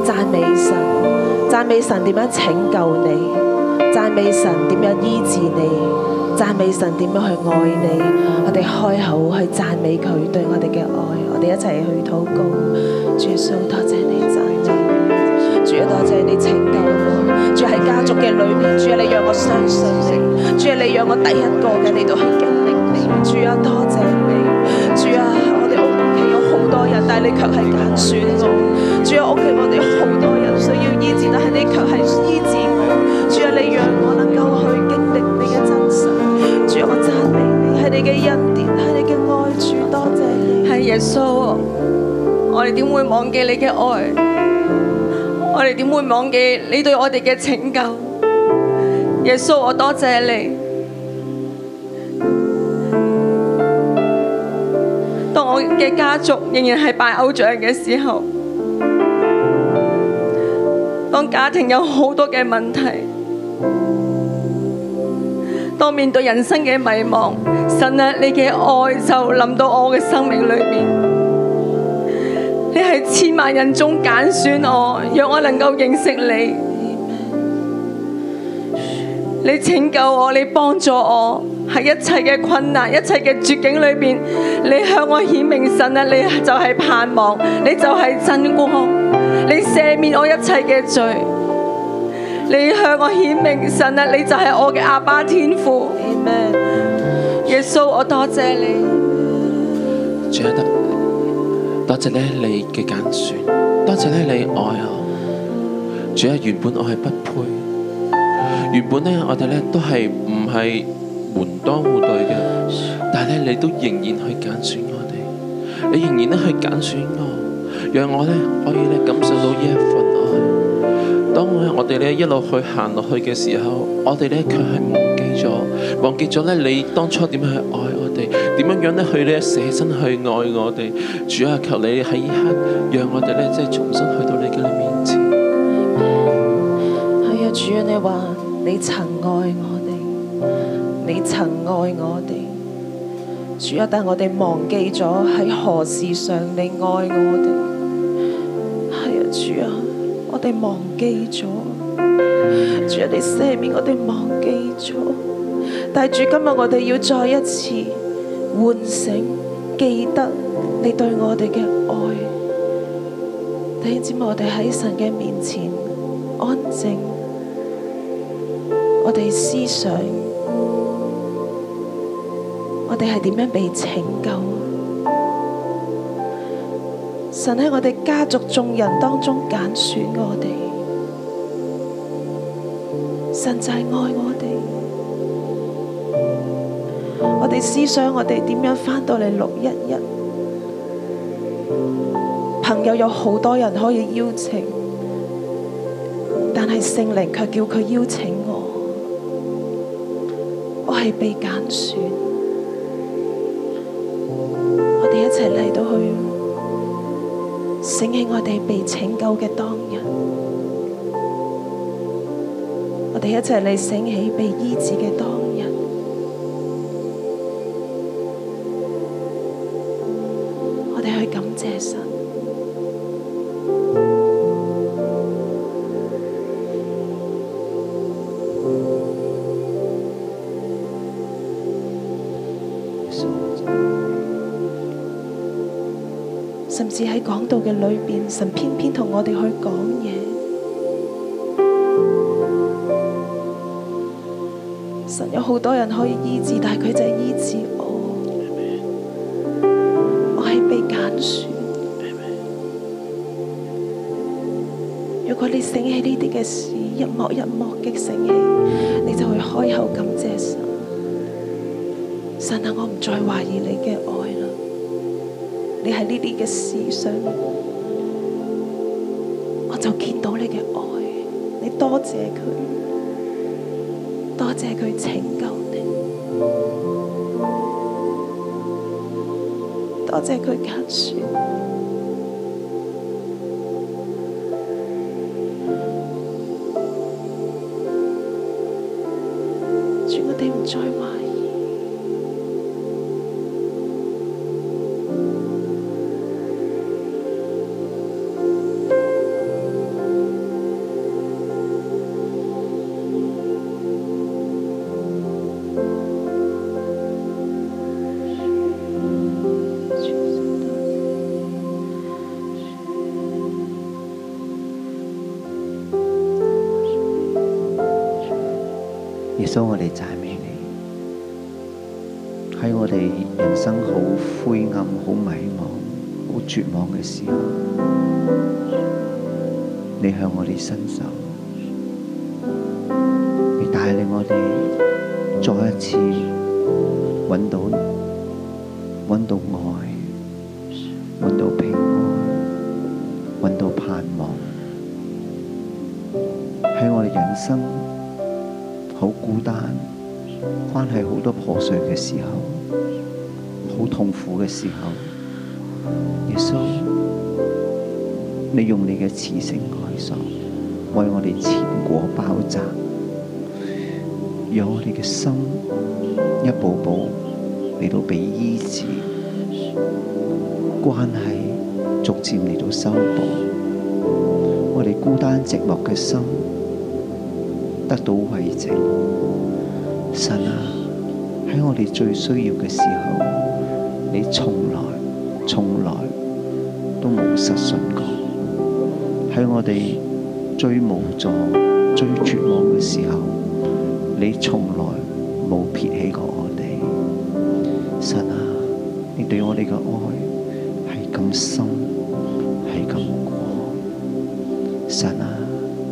讚美神，讚美神點樣拯救你，讚美神點樣醫治你，讚美神點樣去愛你。我哋開口去讚美佢對我哋嘅愛，我哋一齊去禱告。主啊，多謝你讚你，主啊，多謝你拯救我，主喺家族嘅裏面，主啊，你讓我相信你，主啊，你讓我第一個嘅。你度去經歷你。主啊，多謝。但你卻係揀選我，主啊，屋企我哋好多人需要醫治，但係你卻係醫治我。主啊，你讓我能夠去經歷你嘅真心。主啊，我讚美你，係你嘅恩典，係你嘅愛主，多謝你，係耶穌。我哋點會忘記你嘅愛？我哋點會忘記你對我哋嘅拯救？耶穌，我多謝你。嘅家族仍然係拜偶像嘅時候，當家庭有好多嘅問題，當面對人生嘅迷茫，神啊，你嘅愛就臨到我嘅生命裏面，你係千萬人中揀選我，讓我能夠認識你，你拯救我，你幫助我，喺一切嘅困難、一切嘅絕境裏邊，你向我顯明神啊！你就係盼望，你就係真光，你赦免我一切嘅罪。你向我顯明神啊！你就係我嘅阿爸天父。Amen. 耶穌，我多謝你。主啊，多謝咧你嘅揀選，多謝咧你愛我。主啊，原本我係不配，原本咧我哋咧都係唔係。門當戶對嘅，但係咧你都仍然去揀選我哋，你仍然咧去揀選我，讓我咧可以咧感受到呢一份愛。當我我哋咧一路去行落去嘅時候，我哋咧卻係忘記咗，忘記咗咧你當初點樣去愛我哋，點樣樣咧去咧捨身去愛我哋。主啊，求你喺呢刻，讓我哋咧即係重新去到你嘅面前。係啊，主啊，你話你曾愛我哋。你曾愛我哋，主啊！但係我哋忘記咗喺何事上你愛我哋，啊、哎！主啊，我哋忘記咗，主啊！你赦免我哋忘記咗，但係主今日我哋要再一次喚醒，記得你對我哋嘅愛。等陣我哋喺神嘅面前安靜，我哋思想。我哋係點樣被拯救的？神喺我哋家族眾人當中揀選我哋，神就係愛我哋。我哋思想我哋點樣翻到嚟六一一。朋友有好多人可以邀請，但係聖靈卻叫佢邀請我。我係被揀選。醒起我哋被拯救嘅當日，我哋一齊嚟醒起被醫治嘅當日。道嘅裏邊，神偏偏同我哋去講嘢。神有好多人可以醫治，但係佢就係醫治我。Amen. 我係被揀選。Amen. 如果你醒起呢啲嘅事，一幕一幕嘅醒起，你就會開口感謝神。神啊，我唔再懷疑你嘅愛啦。你喺呢啲嘅事上，我就見到你嘅愛。你多謝佢，多謝佢拯救你，多謝佢揀選。耶穌，我哋讚美你，喺我哋人生好灰暗、好迷茫、好絕望嘅時候，你向我哋伸手，你帶領我哋再一次搵到搵到愛，搵到平安，搵到盼望，喺我哋人生。好孤單，關係好多破碎嘅時候，好痛苦嘅時候，耶穌，你用你嘅慈繩愛心，為我哋纏裹包紮，讓我哋嘅心一步步嚟到被醫治，關係逐漸嚟到修補，我哋孤單寂寞嘅心。得到慰藉，神啊，喺我哋最需要嘅時候，你從來從來都冇失信過；喺我哋最無助、最絕望嘅時候，你從來冇撇棄過我哋。神啊，你對我哋嘅愛係咁深，係咁廣。神啊，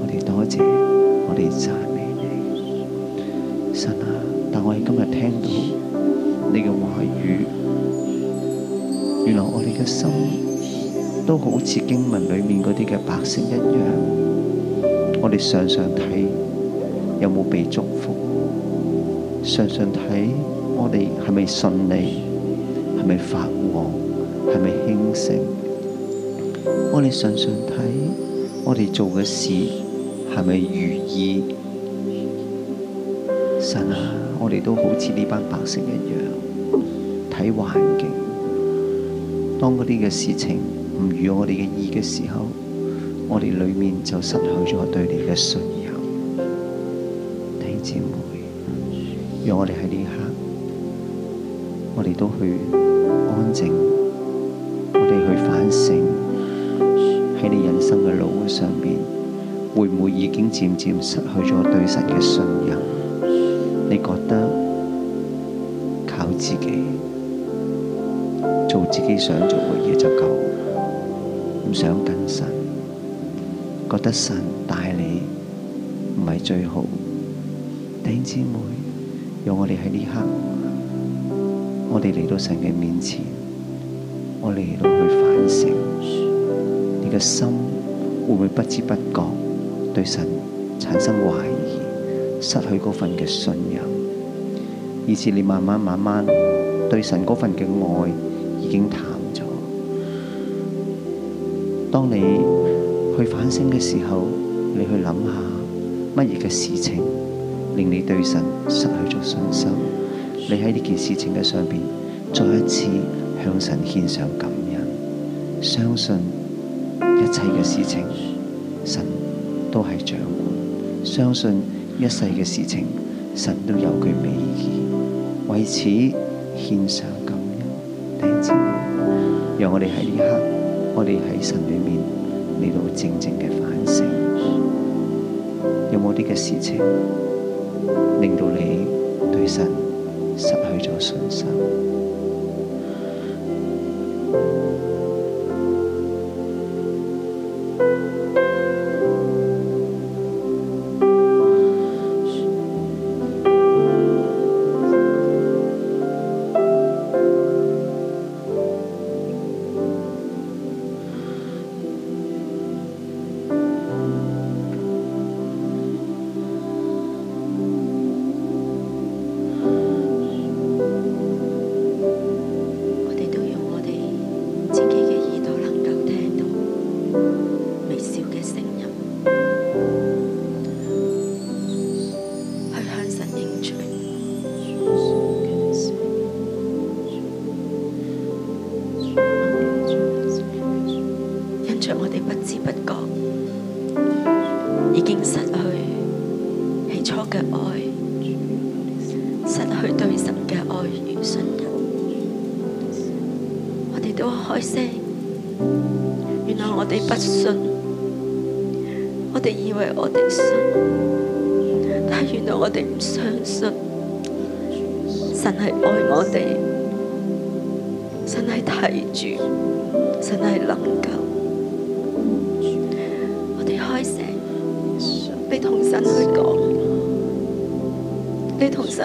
我哋多謝，我哋讚都好似經文裏面嗰啲嘅白色一樣，我哋常常睇有冇被祝福，常常睇我哋係咪順利，係咪發旺，係咪興盛，我哋常常睇我哋做嘅事係咪如意。神啊，我哋都好似呢班白色一樣，睇環境，當嗰啲嘅事情。唔如我哋嘅意嘅時候，我哋裏面就失去咗對你嘅信任。弟兄姊妹，讓我哋喺呢一刻，我哋都去安靜，我哋去反省，喺你人生嘅路上面，會唔會已經漸漸失去咗對神嘅信任？你覺得靠自己做自己想做嘅嘢就夠？唔想跟神，覺得神帶你唔係最好。弟兄姊妹，讓我哋喺呢刻，我哋嚟到神嘅面前，我哋嚟到去反省，你嘅心會唔會不知不覺對神產生懷疑，失去嗰份嘅信任，以致你慢慢慢慢對神嗰份嘅愛已經淡。當你去反省嘅時候，你去諗下乜嘢嘅事情令你對神失去咗信心？你喺呢件事情嘅上邊再一次向神獻上感恩，相信一切嘅事情神都係掌管，相信一世嘅事情神都有佢美意。為此獻上感恩，第一支舞，讓我哋喺呢一刻。我哋喺神裏面嚟到靜靜嘅反省，有冇啲嘅事情令到你對神失去咗信心？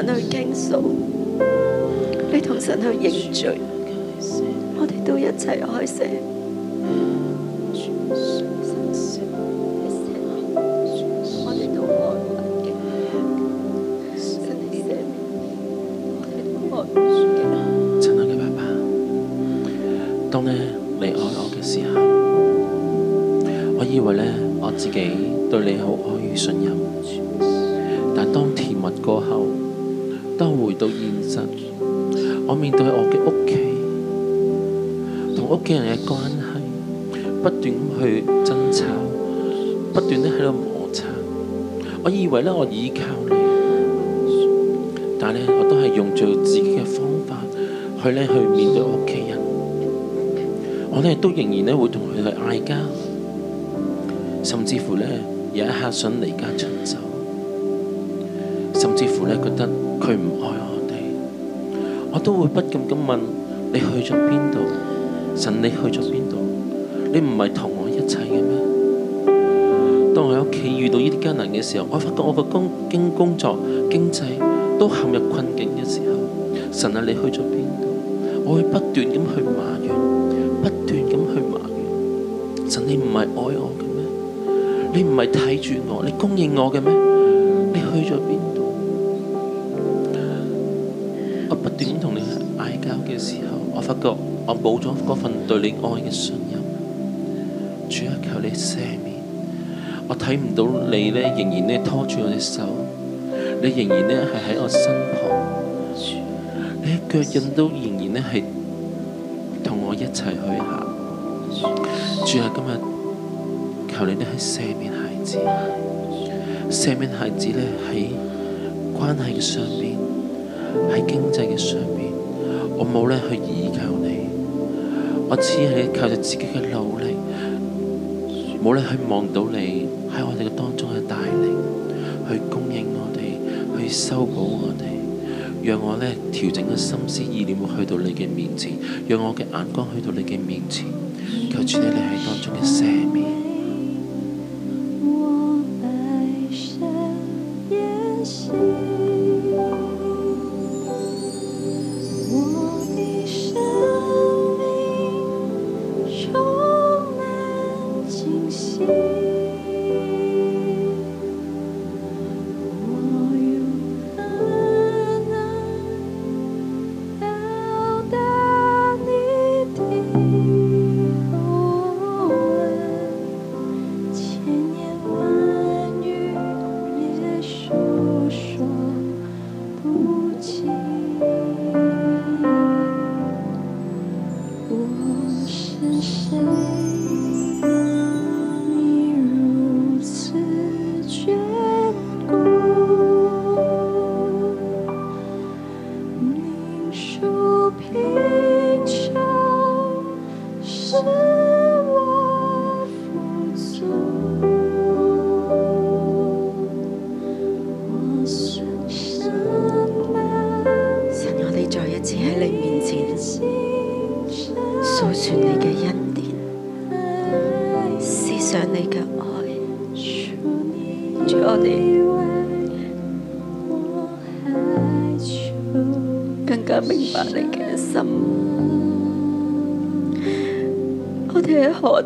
神去傾訴，你同神去認罪，我哋都一齊開聲。屋企人嘅關係不斷去爭吵，不斷咧喺度摩擦。我以為咧我依靠你，但係咧我都係用最自己嘅方法去咧去面對屋企人。我哋都仍然咧會同佢哋嗌交，甚至乎咧有一刻想離家出走，甚至乎咧覺得佢唔愛我哋，我都會不禁咁問：你去咗邊度？神，你去咗邊度？你唔係同我一齊嘅咩？當我喺屋企遇到呢啲艱難嘅時候，我發覺我個工經工作經濟都陷入困境嘅時候，神啊，你去咗邊度？我會不斷咁去埋怨，不斷咁去埋怨。神，你唔係愛我嘅咩？你唔係睇住我，你供應我嘅咩？你去咗邊度？我不斷同你嗌交嘅時候，我發覺。我冇咗份對你愛嘅信任，主啊，求你赦免。我睇唔到你咧，仍然咧拖住我隻手，你仍然咧係喺我身旁，你嘅腳印都仍然咧係同我一齊去行。主啊，今日求你咧喺赦免孩子，赦免孩子咧喺關係嘅上面，喺經濟嘅上面，我冇呢去。我只係靠着自己嘅努力，冇理去望到你喺我哋嘅當中嘅帶領，去供應我哋，去修補我哋，讓我咧調整個心思意念去到你嘅面前，讓我嘅眼光去到你嘅面前，求主你喺當中嘅赦免。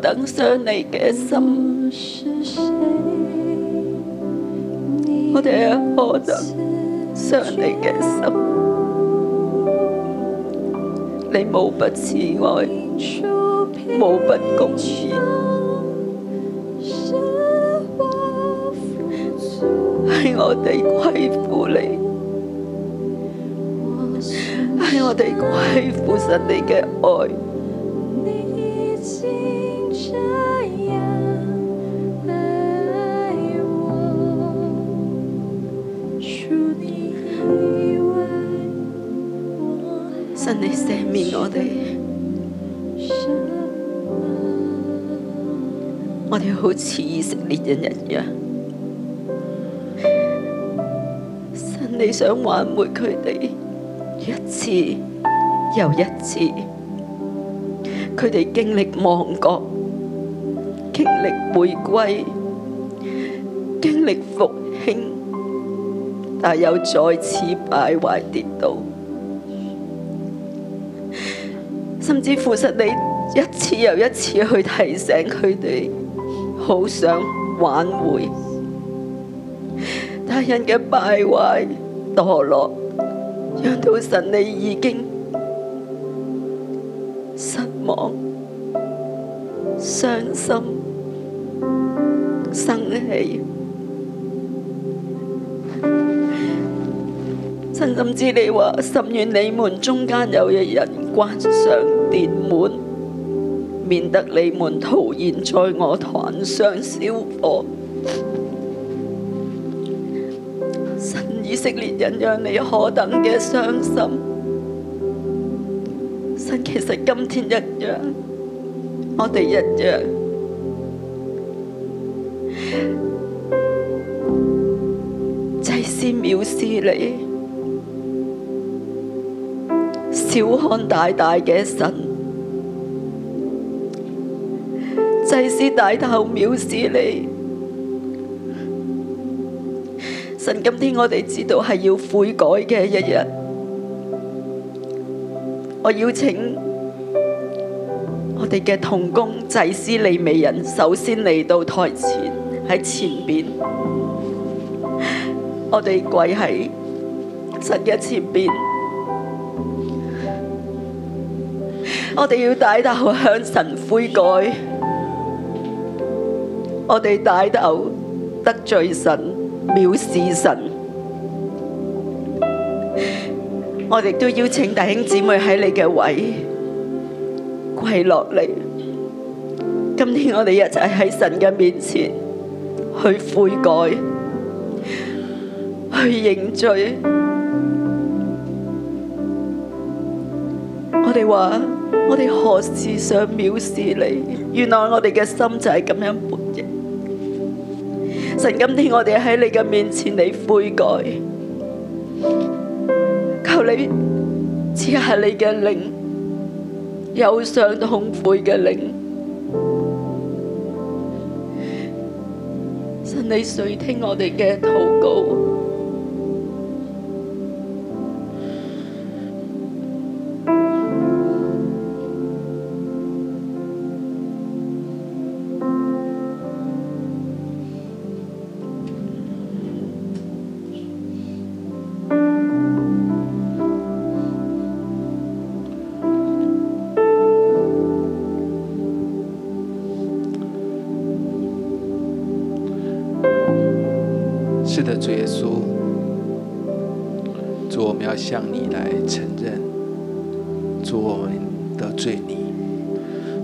我等傷你嘅心，我哋一顆等傷你嘅心。你無不慈愛，無不公義，係我哋虧負你，係我哋虧負神你嘅愛。似以色列人人一樣，神你想挽回佢哋一次又一次，佢哋經歷亡國、經歷回歸、經歷復興，但又再次敗壞跌倒，甚至乎神你一次又一次去提醒佢哋。好想挽回，但因嘅敗壞墮落，讓到神你已經失望、傷心、生氣。真心知你話，甚願你們中間有一人關上殿門。免得你們徒然在我壇上燒火。神以色列人，讓你何等嘅傷心，神其實今天一樣，我哋一樣，祭司藐視你，小看大大嘅神。祭司帶頭藐視你，神今天我哋知道係要悔改嘅一日。我邀請我哋嘅同工祭司利未人，首先嚟到台前喺前邊，我哋跪喺神嘅前邊，我哋要帶頭向神悔改。我哋帶頭得罪神、藐視神，我哋亦都邀請弟兄姊妹喺你嘅位置跪落嚟。今天我哋一齊喺神嘅面前去悔改、去認罪。我哋話：我哋何時想藐視你？原來我哋嘅心就係咁樣背。神，今天我哋喺你嘅面前，嚟悔改，求你賜下你嘅靈，憂傷痛悔嘅靈，神，你垂聽我哋嘅禱告。主耶穌，主，我們要向你來承認，主，我們得罪你，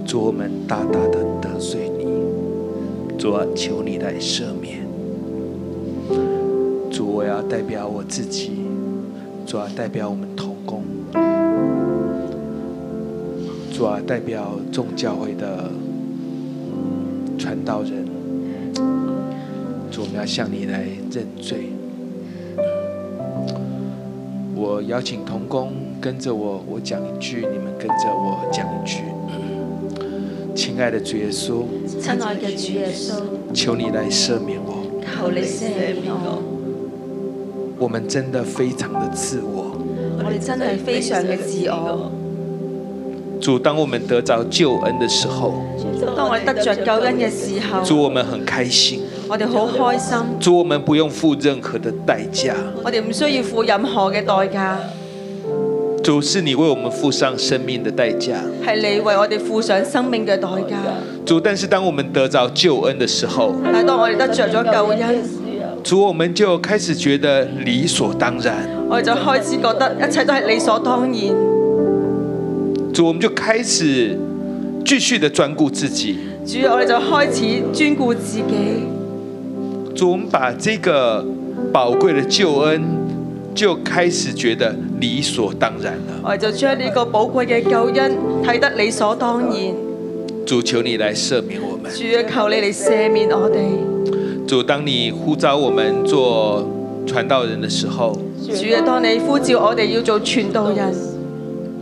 主，我們大大的得罪你，主啊，求你來赦免，主，我要代表我自己，主啊，代表我們同工，主啊，代表眾教會的傳道人。主，我們要向你來認罪。我邀請同工跟着我，我講一句，你們跟着我講一句。親愛的主耶穌，親愛的主耶穌，求你來赦免我，求你赦免我。我們真的非常的自我，我們真的非常的自我。主，當我們得着救恩的時候，當我們得着救恩的時候，主，我們很開心。我哋好開心。主，我們不用付任何的代價。我哋唔需要付任何嘅代價。主，是你為我們付上生命的代價。係你為我哋付上生命嘅代價。主，但是當我們得到救恩的時候，但係當我哋得着咗救恩，主，我們就開始覺得理所當然。我哋就開始覺得一切都係理所當然。主，我們就開始繼續的專顧自己。主，我哋就開始專顧自己。.主，我們把這個寶貴的救恩就開始覺得理所當然了。我就將這個寶貴的救恩睇得理所當然。主，求你來赦免我們。主，求你來赦免我哋。主，當你呼召我們做傳道人的時候，主，當你呼召我哋要做傳道人。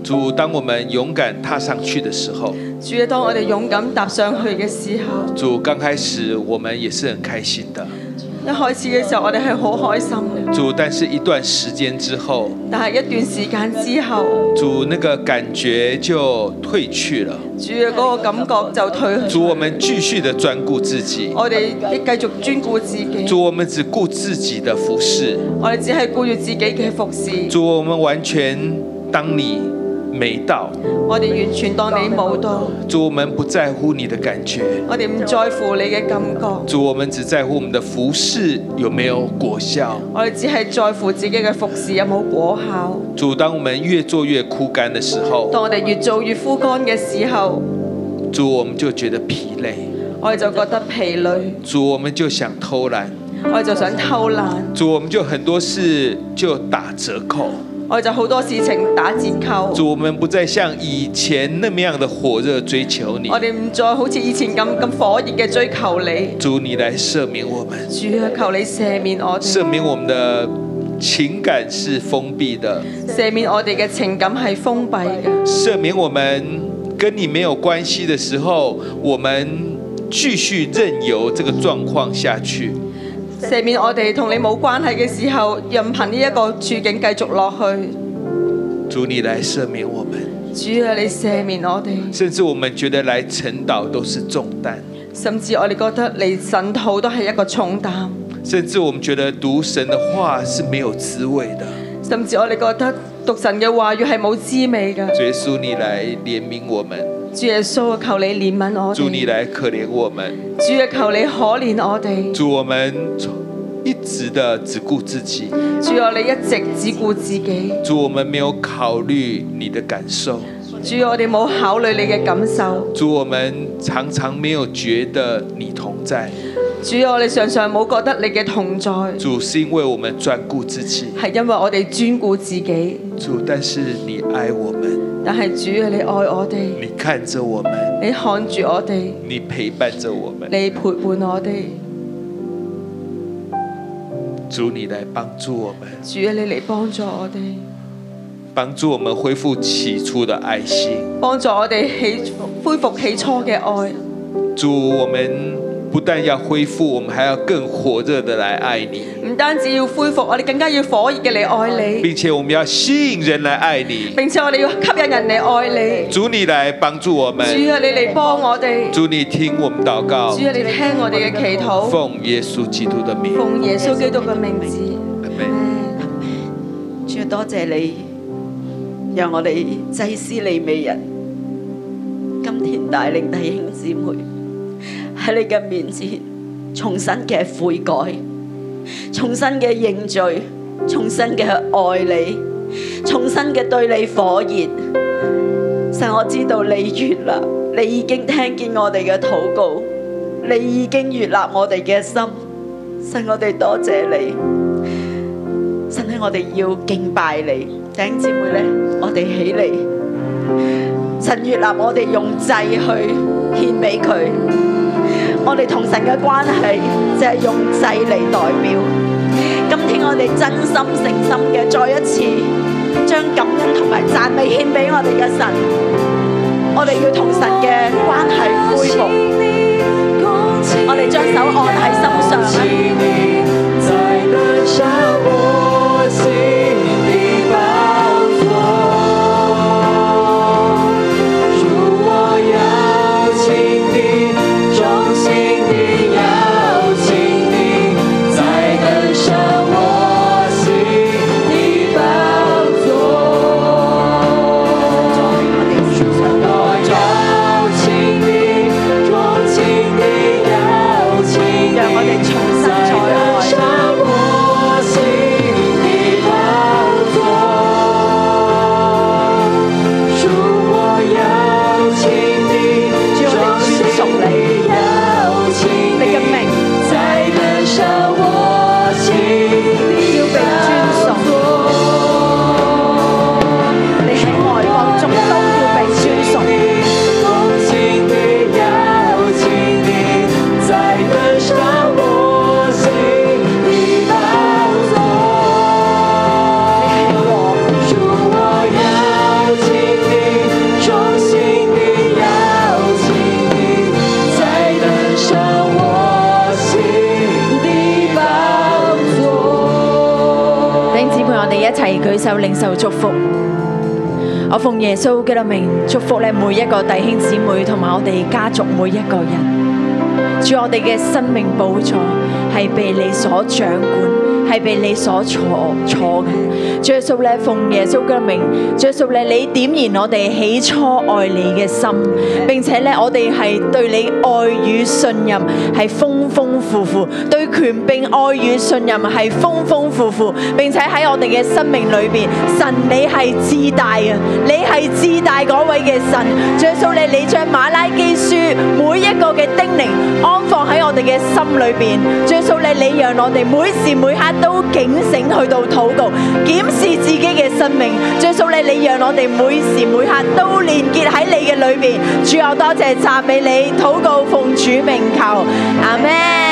主，當我們勇敢踏上去的時候，主，當我哋勇敢踏上去嘅時候，主，剛開始我們也是很開心的。一開始嘅時候，我哋係好開心的。主，但是一段時間之後，但係一段時間之後，主，那個感覺就退去了。主，嘅嗰個感覺就退去了。主，我們繼續的專顧自己。我哋繼續專顧自己。主，我們只顧自己的服侍。我哋只係顧住自己嘅服侍。主，我們完全當你。沒到，我哋完全當你冇到。主，我們不在乎你的感覺，我哋唔在乎你嘅感覺。主，我們只在乎我們嘅服侍有冇果效，我哋只係在乎自己嘅服侍有冇果效。主，當我們越做越枯乾嘅時候，當我哋越做越枯乾嘅時候，主，我們就覺得疲累，我哋就覺得疲累。主，我們就想偷懶，我哋就想偷懶。主，我們就很多事就打折扣。我就好多事情打折扣。主，我們不再像以前那麼樣的火熱追求你。我哋唔再好似以前咁咁火熱嘅追求你。主，你來赦免我們。主求你赦免我。赦免我們的情感是封閉的。赦免我哋嘅情感係封閉嘅。赦免我們跟你沒有關係的時候，我們繼續任由這個狀況下去。赦免我哋同你冇關係嘅時候，任憑呢一個處境繼續落去。主，你來赦免我們。主啊，你赦免我哋。甚至我們覺得來晨禱都是重擔。甚至我哋覺得嚟晨禱都係一個重擔。甚至我們覺得讀神的話是沒有滋味的。甚至我哋覺得讀神嘅話語係冇滋味嘅。耶穌你來憐憫我們。主耶穌啊，求你憐憫我們。主你來可憐我們。主啊，求你可憐我哋。主，我們一直的只顧自己。主啊，我哋一直只顧自己。主，我們沒有考慮你的感受。主，我哋冇考慮你嘅感受。主，我們常常沒有覺得你同在。主，我哋常常冇覺得你嘅同在。主，是因為我們專顧自己。係因為我哋專顧自己。主，但是你愛我們。但係主啊，你愛我哋， 你看着我們，你看住我哋，你陪伴着我們，你陪伴我哋。主啊，你來幫助我們，主啊，你嚟幫助我哋，幫助我們恢復起初的愛心，幫助我哋起恢復起初嘅愛。祝我們。不但要恢復，我們還要更火熱的來愛你。唔單止要恢復，我哋更加要火熱的來愛你。並且我們要吸引人來愛你，並且我哋要吸引人來愛你。主，你來幫助我們。主啊，你來幫我哋。主，你聽我們禱告。主啊，你聽我哋嘅祈禱。奉耶穌基督的名。奉耶穌基督嘅名字。阿門。主啊，多謝你，讓我哋祭司利未人，今天帶領弟兄姊妹，喺你嘅面前，重新嘅悔改，重新嘅認罪，重新嘅愛你，重新嘅對你火熱。神，我知道你悅納，你已經聽見我哋嘅禱告，你已經悅納我哋嘅心。神，我哋多謝，謝你，神呢我哋要敬拜你。弟兄姊妹咧，我哋起嚟，趁悅納我哋用祭去獻俾佢。我哋同神嘅關係，就係用祭嚟代表。今天我哋真心誠心嘅再一次將感恩同埋讚美獻俾我哋嘅神。我哋要同神嘅關係恢復，我哋將手按喺心上。我哋嘅生命寶座係被你所掌管，係被你所坐坐嘅。主耶穌咧，奉耶穌嘅名，主耶穌咧，你點燃我哋起初愛你嘅心，並且咧，我哋係對你愛與信任係豐豐富富對權柄愛與信任係豐豐富富，並且喺我哋嘅生命裏邊，神你係至大嘅，你係至大嗰位嘅神。最受你你將馬拉基書每一個嘅叮嚀安放喺我哋嘅心裏邊，最受你你讓我哋每時每刻都警醒去到禱告，檢視自己嘅生命。最受你你讓我哋每時每刻都連結喺你嘅裏面。主啊，多謝讚美你，禱告奉主名求，阿門。